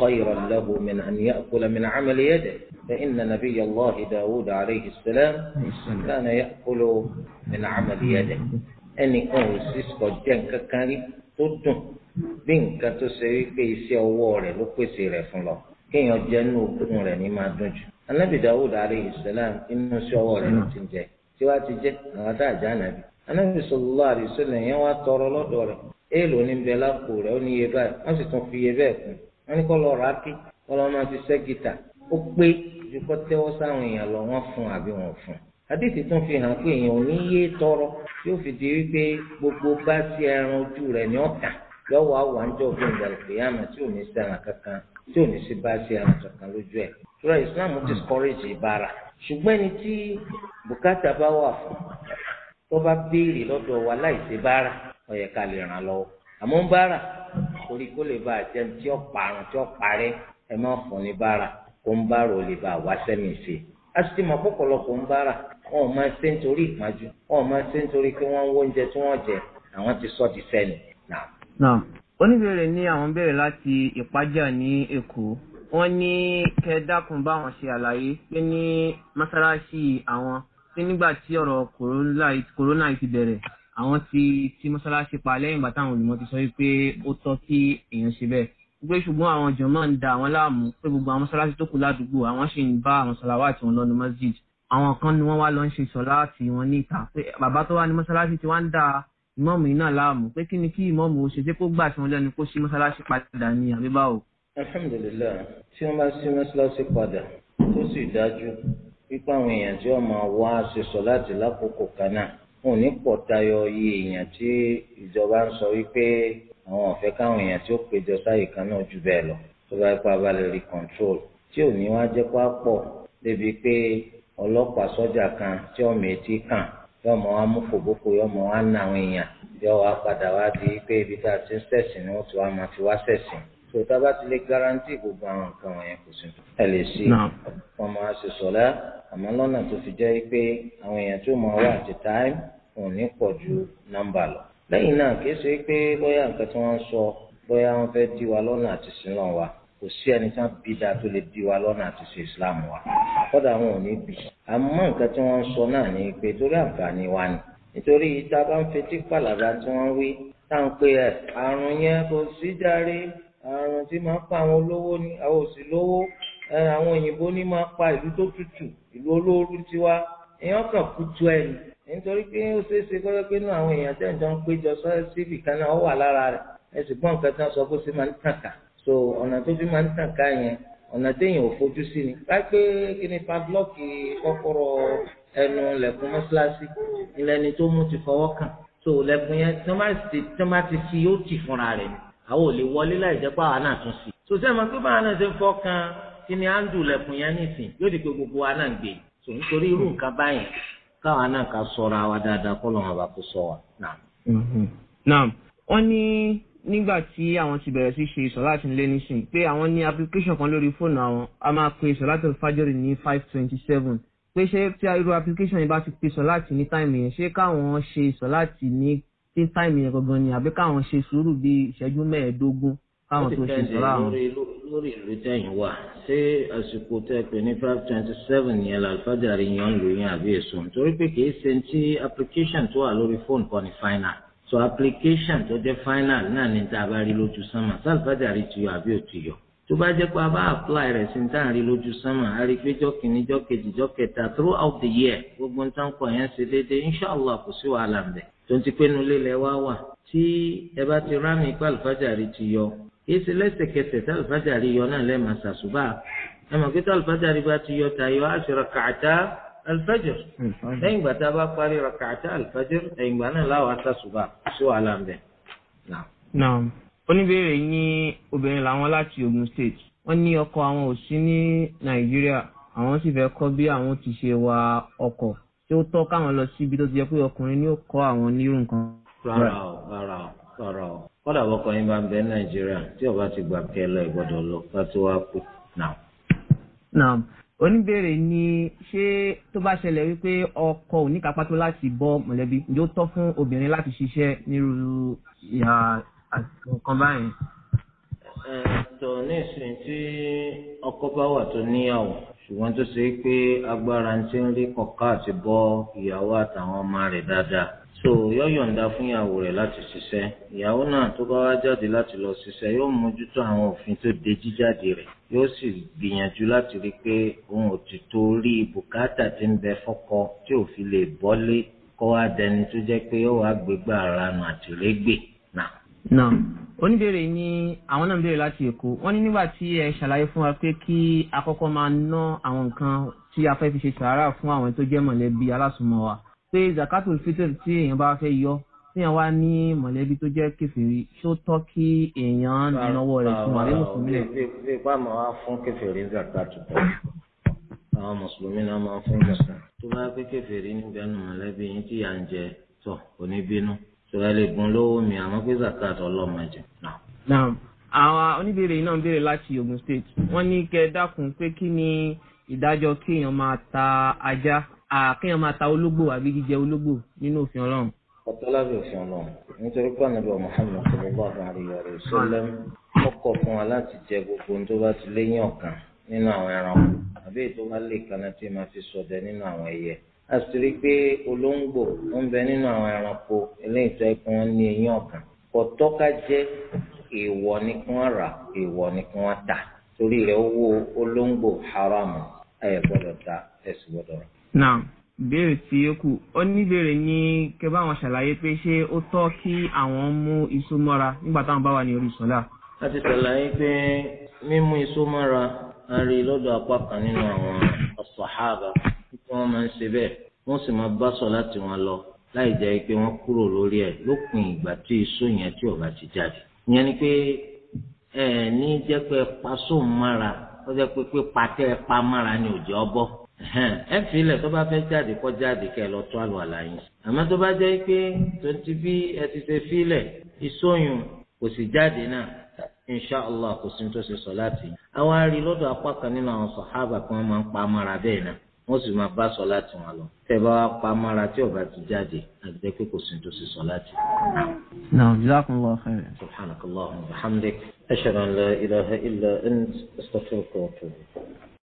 خيرا له من أن يأكل من عمل يده فإن نبي الله داود عليه السلام كان يأكل من عمل يده أني أوسيس قجان ككاري تدن بين كتسوي كيسي أووري لكوسي رفن كين يجنو كنون رني ما النبي داود عليه السلام إنه سووري نتنجي سوى تجي هذا جانبي النبي صلى الله عليه وسلم يوى تورو لدوري إيه لونين بلا قولة وني أنسي تنفي يبال wọ́n ní kọ́ lọ rà á bí kọ́ lọ́ọ́ máa fi ṣẹ́ ó pé ju kọ́ tẹ́wọ́ sáwọn fi hàn pé èèyàn ò tọrọ yóò fi di wípé gbogbo bá sí ẹran ojú rẹ ní ọ̀tà lọ́wọ́ àwọn àjọ gbẹ̀ngàn ìpèyàmà tí ò ní kankan tí ò ní sí bá sí kankan lójú ẹ̀ ìbára ṣùgbọ́n ẹni tí bùkátà wà fún bá béèrè lọ́dọ̀ wa láì bára ó lè ràn lọ́wọ́ àmọ́ torí kó lè bá àjẹm tí ó parun tí ó parẹ́ ẹ má fún ní bára kó ń bára ò lè bá wá sẹ́mi ṣe a sì ti mọ̀ pọ̀pọ̀lọpọ̀ ń bára wọn ò máa ṣe nítorí ìpájú wọn ò máa ṣe nítorí pé wọ́n ń wó oúnjẹ tí wọ́n jẹ àwọn ti sọ ti sẹ́ni. oníbèrè ní àwọn bèrè láti ìpájà ní èkó wọ́n ní kẹ́ dákun báwọn ṣe àlàyé pé ní mọ́ṣáláṣí àwọn pé nígbà tí ọ̀rọ̀ kòrónà ti bẹ̀rẹ̀ àwọn ti ti mọ́ṣáláṣí pa lẹ́yìn ìgbà táwọn olùmọ̀ ti sọ wípé ó tọ́ kí èèyàn ṣe bẹ́ẹ̀ gbé ṣùgbọ́n àwọn jọ̀mọ́ ń da àwọn láàmú pé gbogbo àwọn mọ́ṣáláṣí tó kù ládùúgbò àwọn ṣì ń bá àwọn sọ̀làwà àti wọn lọ́nu masjid àwọn kan ni wọ́n wá lọ ń ṣe sọ̀lá àti wọn ní ìta pé bàbá tó wá ní mọ́ṣáláṣí ti wá ń da ìmọ̀mù iná láàmú pé kí ni kí ìmọ̀mù ó ṣe pé kó gbà tí wọ́n lẹ́nu kó ṣí mọ́ṣáláṣí padà ní àbíbáwò. alhamdulilayi tí wọn bá ṣí mọ́ṣáláṣí padà tó sì dájú wọn ò ní pọ̀ tayọ iye èèyàn tí ìjọba ń sọ wípé àwọn ọ̀fẹ́ káwọn èèyàn tí ó péjọ sáyè kan náà jù bẹ́ẹ̀ lọ tó bá pa balẹ̀ rí control tí ò ní wá jẹ́ pá pọ̀ débi pé ọlọ́pàá sọ́jà kan tí ọmọ etí kàn yóò mọ wá mú kòbókò yóò mọ wá nà àwọn èèyàn yóò wá padà wá di pé ibi tá a ti ń ṣẹ̀sìn ni wọ́n ti wá máa fi wá ṣẹ̀sìn tó tá a ti lè garanti gbogbo àwọn nǹkan wọ̀nyẹn kò sí. ẹ lè ṣe ọmọ àṣìṣọ́lá àmọ́ lọ́nà tó fi jẹ́ pé àwọn èèyàn tó mọ̀ wá àti táìmù wọn ò ní pọ̀ ju nọ́mbà lọ. lẹ́yìn náà kìí ṣe pé bóyá nǹkan tí wọ́n ń sọ bóyá wọ́n fẹ́ dí wa lọ́nà àti sílọ̀ wa kò sí ẹni tí wọ́n bí da tó lè dí wa lọ́nà àti ṣe Islam wa kódà wọn ò ní bì. àmọ́ nǹkan tí wọ́n ń sọ náà ni pé torí àǹfààní wa ni nítorí tá a bá ń fetí pàlàbà tí wọ́n wí tá à ń pè ẹ̀ àrùn yẹn kò sí járe àrùn tí máa ń pa àwọn olówó ni àwọn òsì lówó àwọn òyìnbó ní máa pa ìlú tó tutù ìlú olóoru tiwa èèyàn kàn kú tu ẹni nítorí pé ó ṣeé ṣe kọ́ pé inú àwọn èèyàn tẹ̀ ń jọ ń péjọ síbì kan náà ó wà lára rẹ̀ ẹ sì gbọ́n nǹkan tí wọ́n sọ pé ó ṣe máa ń tàn ká so ọ̀nà tó fi máa ń tàn ká yẹn ọ̀nà téèyàn ò fojú sí ni láìpẹ́ kí ni pavlọ́ọ̀kì kọ́kọ́rọ́ ẹnu lẹ̀kùn mọ́ṣáláṣí ilẹ̀ ni tó mú ti fọwọ́ kàn so lẹ̀kùn yẹn tí wọ́n bá ti ṣí yóò tì fúnra rẹ̀ ni àwọn ò lè wọlé láì jẹ́ pàwọn náà tún sí. so sẹ́mi pé báwa náà ṣe ń fọ́ kan kí ni áńdù lẹ̀kùn yẹn nìsín yóò di pé gbogbo wa náà ń gbé so nítorí irú nǹkan báyẹn káwa náà ká sọra wa dáadáa kọ́ lọ́wọ́ bá kó sọ wa. naam mm-hmm. wọ́n ní nígbà tí àwọn ti bẹ̀rẹ̀ sí ṣe ìsọ̀láàtì nílé nísìn pé àwọn ní application kan lórí fóònù àwọn a máa pe ìsọ̀láàtì fájọ́rì ní five twenty seven pé ṣé tí irú application yìí bá ti pe ìsọ̀láàtì ní táìmù yẹn ṣé káwọn ṣe ìsọ̀láàtì ní tí táìmù yẹn gangan ni àbí káwọn ṣe sùúrù bíi ìṣẹ́jú mẹ́ẹ̀ẹ́dógún káwọn tó ṣe ìsọ̀láàtì lórí ìlú tẹ̀yìn wà ṣé àsìkò tẹ́ pé ní five twenty seven yẹn làlùfáàjàrí yan lò yín àbí èso nítorí pé kìí ṣe ti application tó wà lórí phone kan ní final so application tó jẹ́ final náà ní tá a bá rí lójú sánmà sàlùfáàjàrí ti yọ àbí òtí yọ tó bá jẹ́ pé a bá apply rẹ̀ sí tá à ń rí lójú sánmà a rí i pé jọ́kìnní jọ́kejì jọ́kẹta throughout the year gbogbo ń tán kọ̀ yẹn ṣe déédéé inshallah kò sí wàhálà ń bẹ̀ tó ń ti pé nulẹ̀ kìí ṣe lẹ́sẹ̀kẹsẹ̀ tá alùfájàrí yọ náà lẹ́ẹ̀ máa ṣàṣùbà ẹ mọ̀ pé tá alùfájàrí bá ti yọ tayọ àṣẹ rakàtà alùfájàr lẹ́yìn ìgbà tá a bá parí rakàtà alùfájàr ẹ̀yìn ìgbà náà láwọn aṣàṣùbà sí wàhálà ń bẹ̀. naam oníbèrè yín obìnrin làwọn láti Ògùn state wọ́n ní ọkọ àwọn ò sí ní Nàìjíríà àwọn sì fẹ́ kọ́ bí àwọn ti ṣe wa ọkọ̀ tí ó tọ́ káwọn lọ síbi tó ti jẹ́ pé ọkùnrin ni ó kọ́ àwọn nírú nǹkan. rárá o rárá o rárá o kọ́dà bọ́kọ yín bá ń bẹ nàìjíríà tí ọba ti gbà kẹ lọ ìgbọ́dọ̀ lọ ká tó wá kú náà. náà oníbèrè ni ṣé tó bá ṣẹlẹ̀ wípé ọkọ ò ní kápá tó láti bọ́ mọ̀lẹ́bí yóò tọ́ fún obìnrin láti ṣiṣẹ́ nírú ìhà nǹkan báyìí. ẹ tọ ní ìsìn tí ọkọ bá wà tó níyàwó ṣùgbọ́n tó ṣe é pé agbára ń ti ń rí kọ̀ọ̀ká àti bọ́ ìyàwó àtàwọn ọmọ rẹ̀ dáadáa so yóò yọ̀ǹda fún ìyàwó rẹ̀ láti ṣiṣẹ́ ìyàwó náà tó bá wá jáde láti lọ ṣiṣẹ́ yóò mójútó àwọn òfin tó de jíjáde rẹ̀ yóò sì gbìyànjú láti rí i pé òun ò ti torí bùkátà tí ń bẹ fọ́kọ tí ò fi lè bọ́lé kó wá dẹni tó jẹ́ pé yóò wá gbégbá ara nù àtìlẹ́gbè náà. náà oníbèrè ni àwọn náà ń béèrè láti èkó wọn ní nígbà tí ẹ ṣàlàyé fún wa pé kí akọ́kọ́ máa ná àwọn nǹkan tí a fẹ́ fi ṣe sàárà fún àwọn tó jẹ́ mọ̀lẹ́bí alásùnmọ́ wa pé zakatul fitr tí èèyàn bá fẹ́ yọ tí èèyàn wá ní mọ̀lẹ́bí tó jẹ́ kẹfìrí ṣó tọ́ kí èèyàn náwó rẹ̀ fún àbí mùsùlùmí rẹ̀. bí ipá máa wá fún kẹfìrí zakatul tọ́ àwọn mùsùlùmí náà máa fún zakatul. tó bá pé kẹfìrí níbẹ̀ nù mọ̀lẹ́bí yín tí yà ń jẹ tọ̀ kò ní bínú sọ̀rọ̀ lè gun lówó mi àmọ́ pé zakatul ọlọ́mọ jẹ àwọn oníbèrè náà ń béèrè láti Ògùn state wọ́n ní kẹ́ dákun pé kí ni ìdájọ́ kéèyàn máa ta ajá àkéèyàn máa ta ológbò àbí jíjẹ ológbò nínú òfin ọlọ́run. ọ̀tọ́lábì òfin ọlọ́run nítorí pé ànábì Muhammad sallallahu alaihi wa sallam ó kọ̀ fún wa láti jẹ gbogbo ohun tó bá ti léyìn ọ̀kan nínú àwọn ẹranko àbí ètò wa lè kanna tí máa fi ṣọdẹ nínú pé olóńgbò ó ń bẹ nínú àwọn ẹranko eléyìí tó ẹ kí ní eyín ọ̀kan kò tọ́ka jẹ́ ni kí wọ́n rà èèwọ̀ ni kí wọ́n tà torí rẹ̀ owó olóńgbò haram ẹ̀ gbọ́dọ̀ ta ẹ̀ sì gbọ́dọ̀ rà. Now, béèrè tí ó kù, ó ní béèrè ní kẹ́ bá wọn ṣàlàyé pé ṣé ó tọ́ kí àwọn mú iṣu mọ́ra nígbà táwọn bá wà ní orí ìṣọ́lá. A ti ṣàlàyé pé mímú iṣu mọ́ra a rí lọ́dọ̀ apá kan nínú àwọn ọ̀sọ̀háàbà tí wọ́n máa ń ṣe bẹ́ẹ̀ wọ́n sì máa bá sọ láti wọn lọ láì jẹ́ pé wọ́n kúrò lórí ẹ̀ lópin ìgbà tí iṣu yẹn tí ni pé ẹ ní jẹ́ pé ó ẹ fi ilẹ̀ tó bá fẹ́ jáde kọ́ jáde kẹ́ lọ tó àlọ́ àlàyé àmọ́ tó bá jẹ́ pé tó bí ẹ ti ṣe fi ìsóyún kò sì jáde náà insha kò sí tó ṣe sọ láti àwọn arí apá kan nínú àwọn kan máa ń pa amára náà sì pa amára tí ọba ti jáde pé kò sí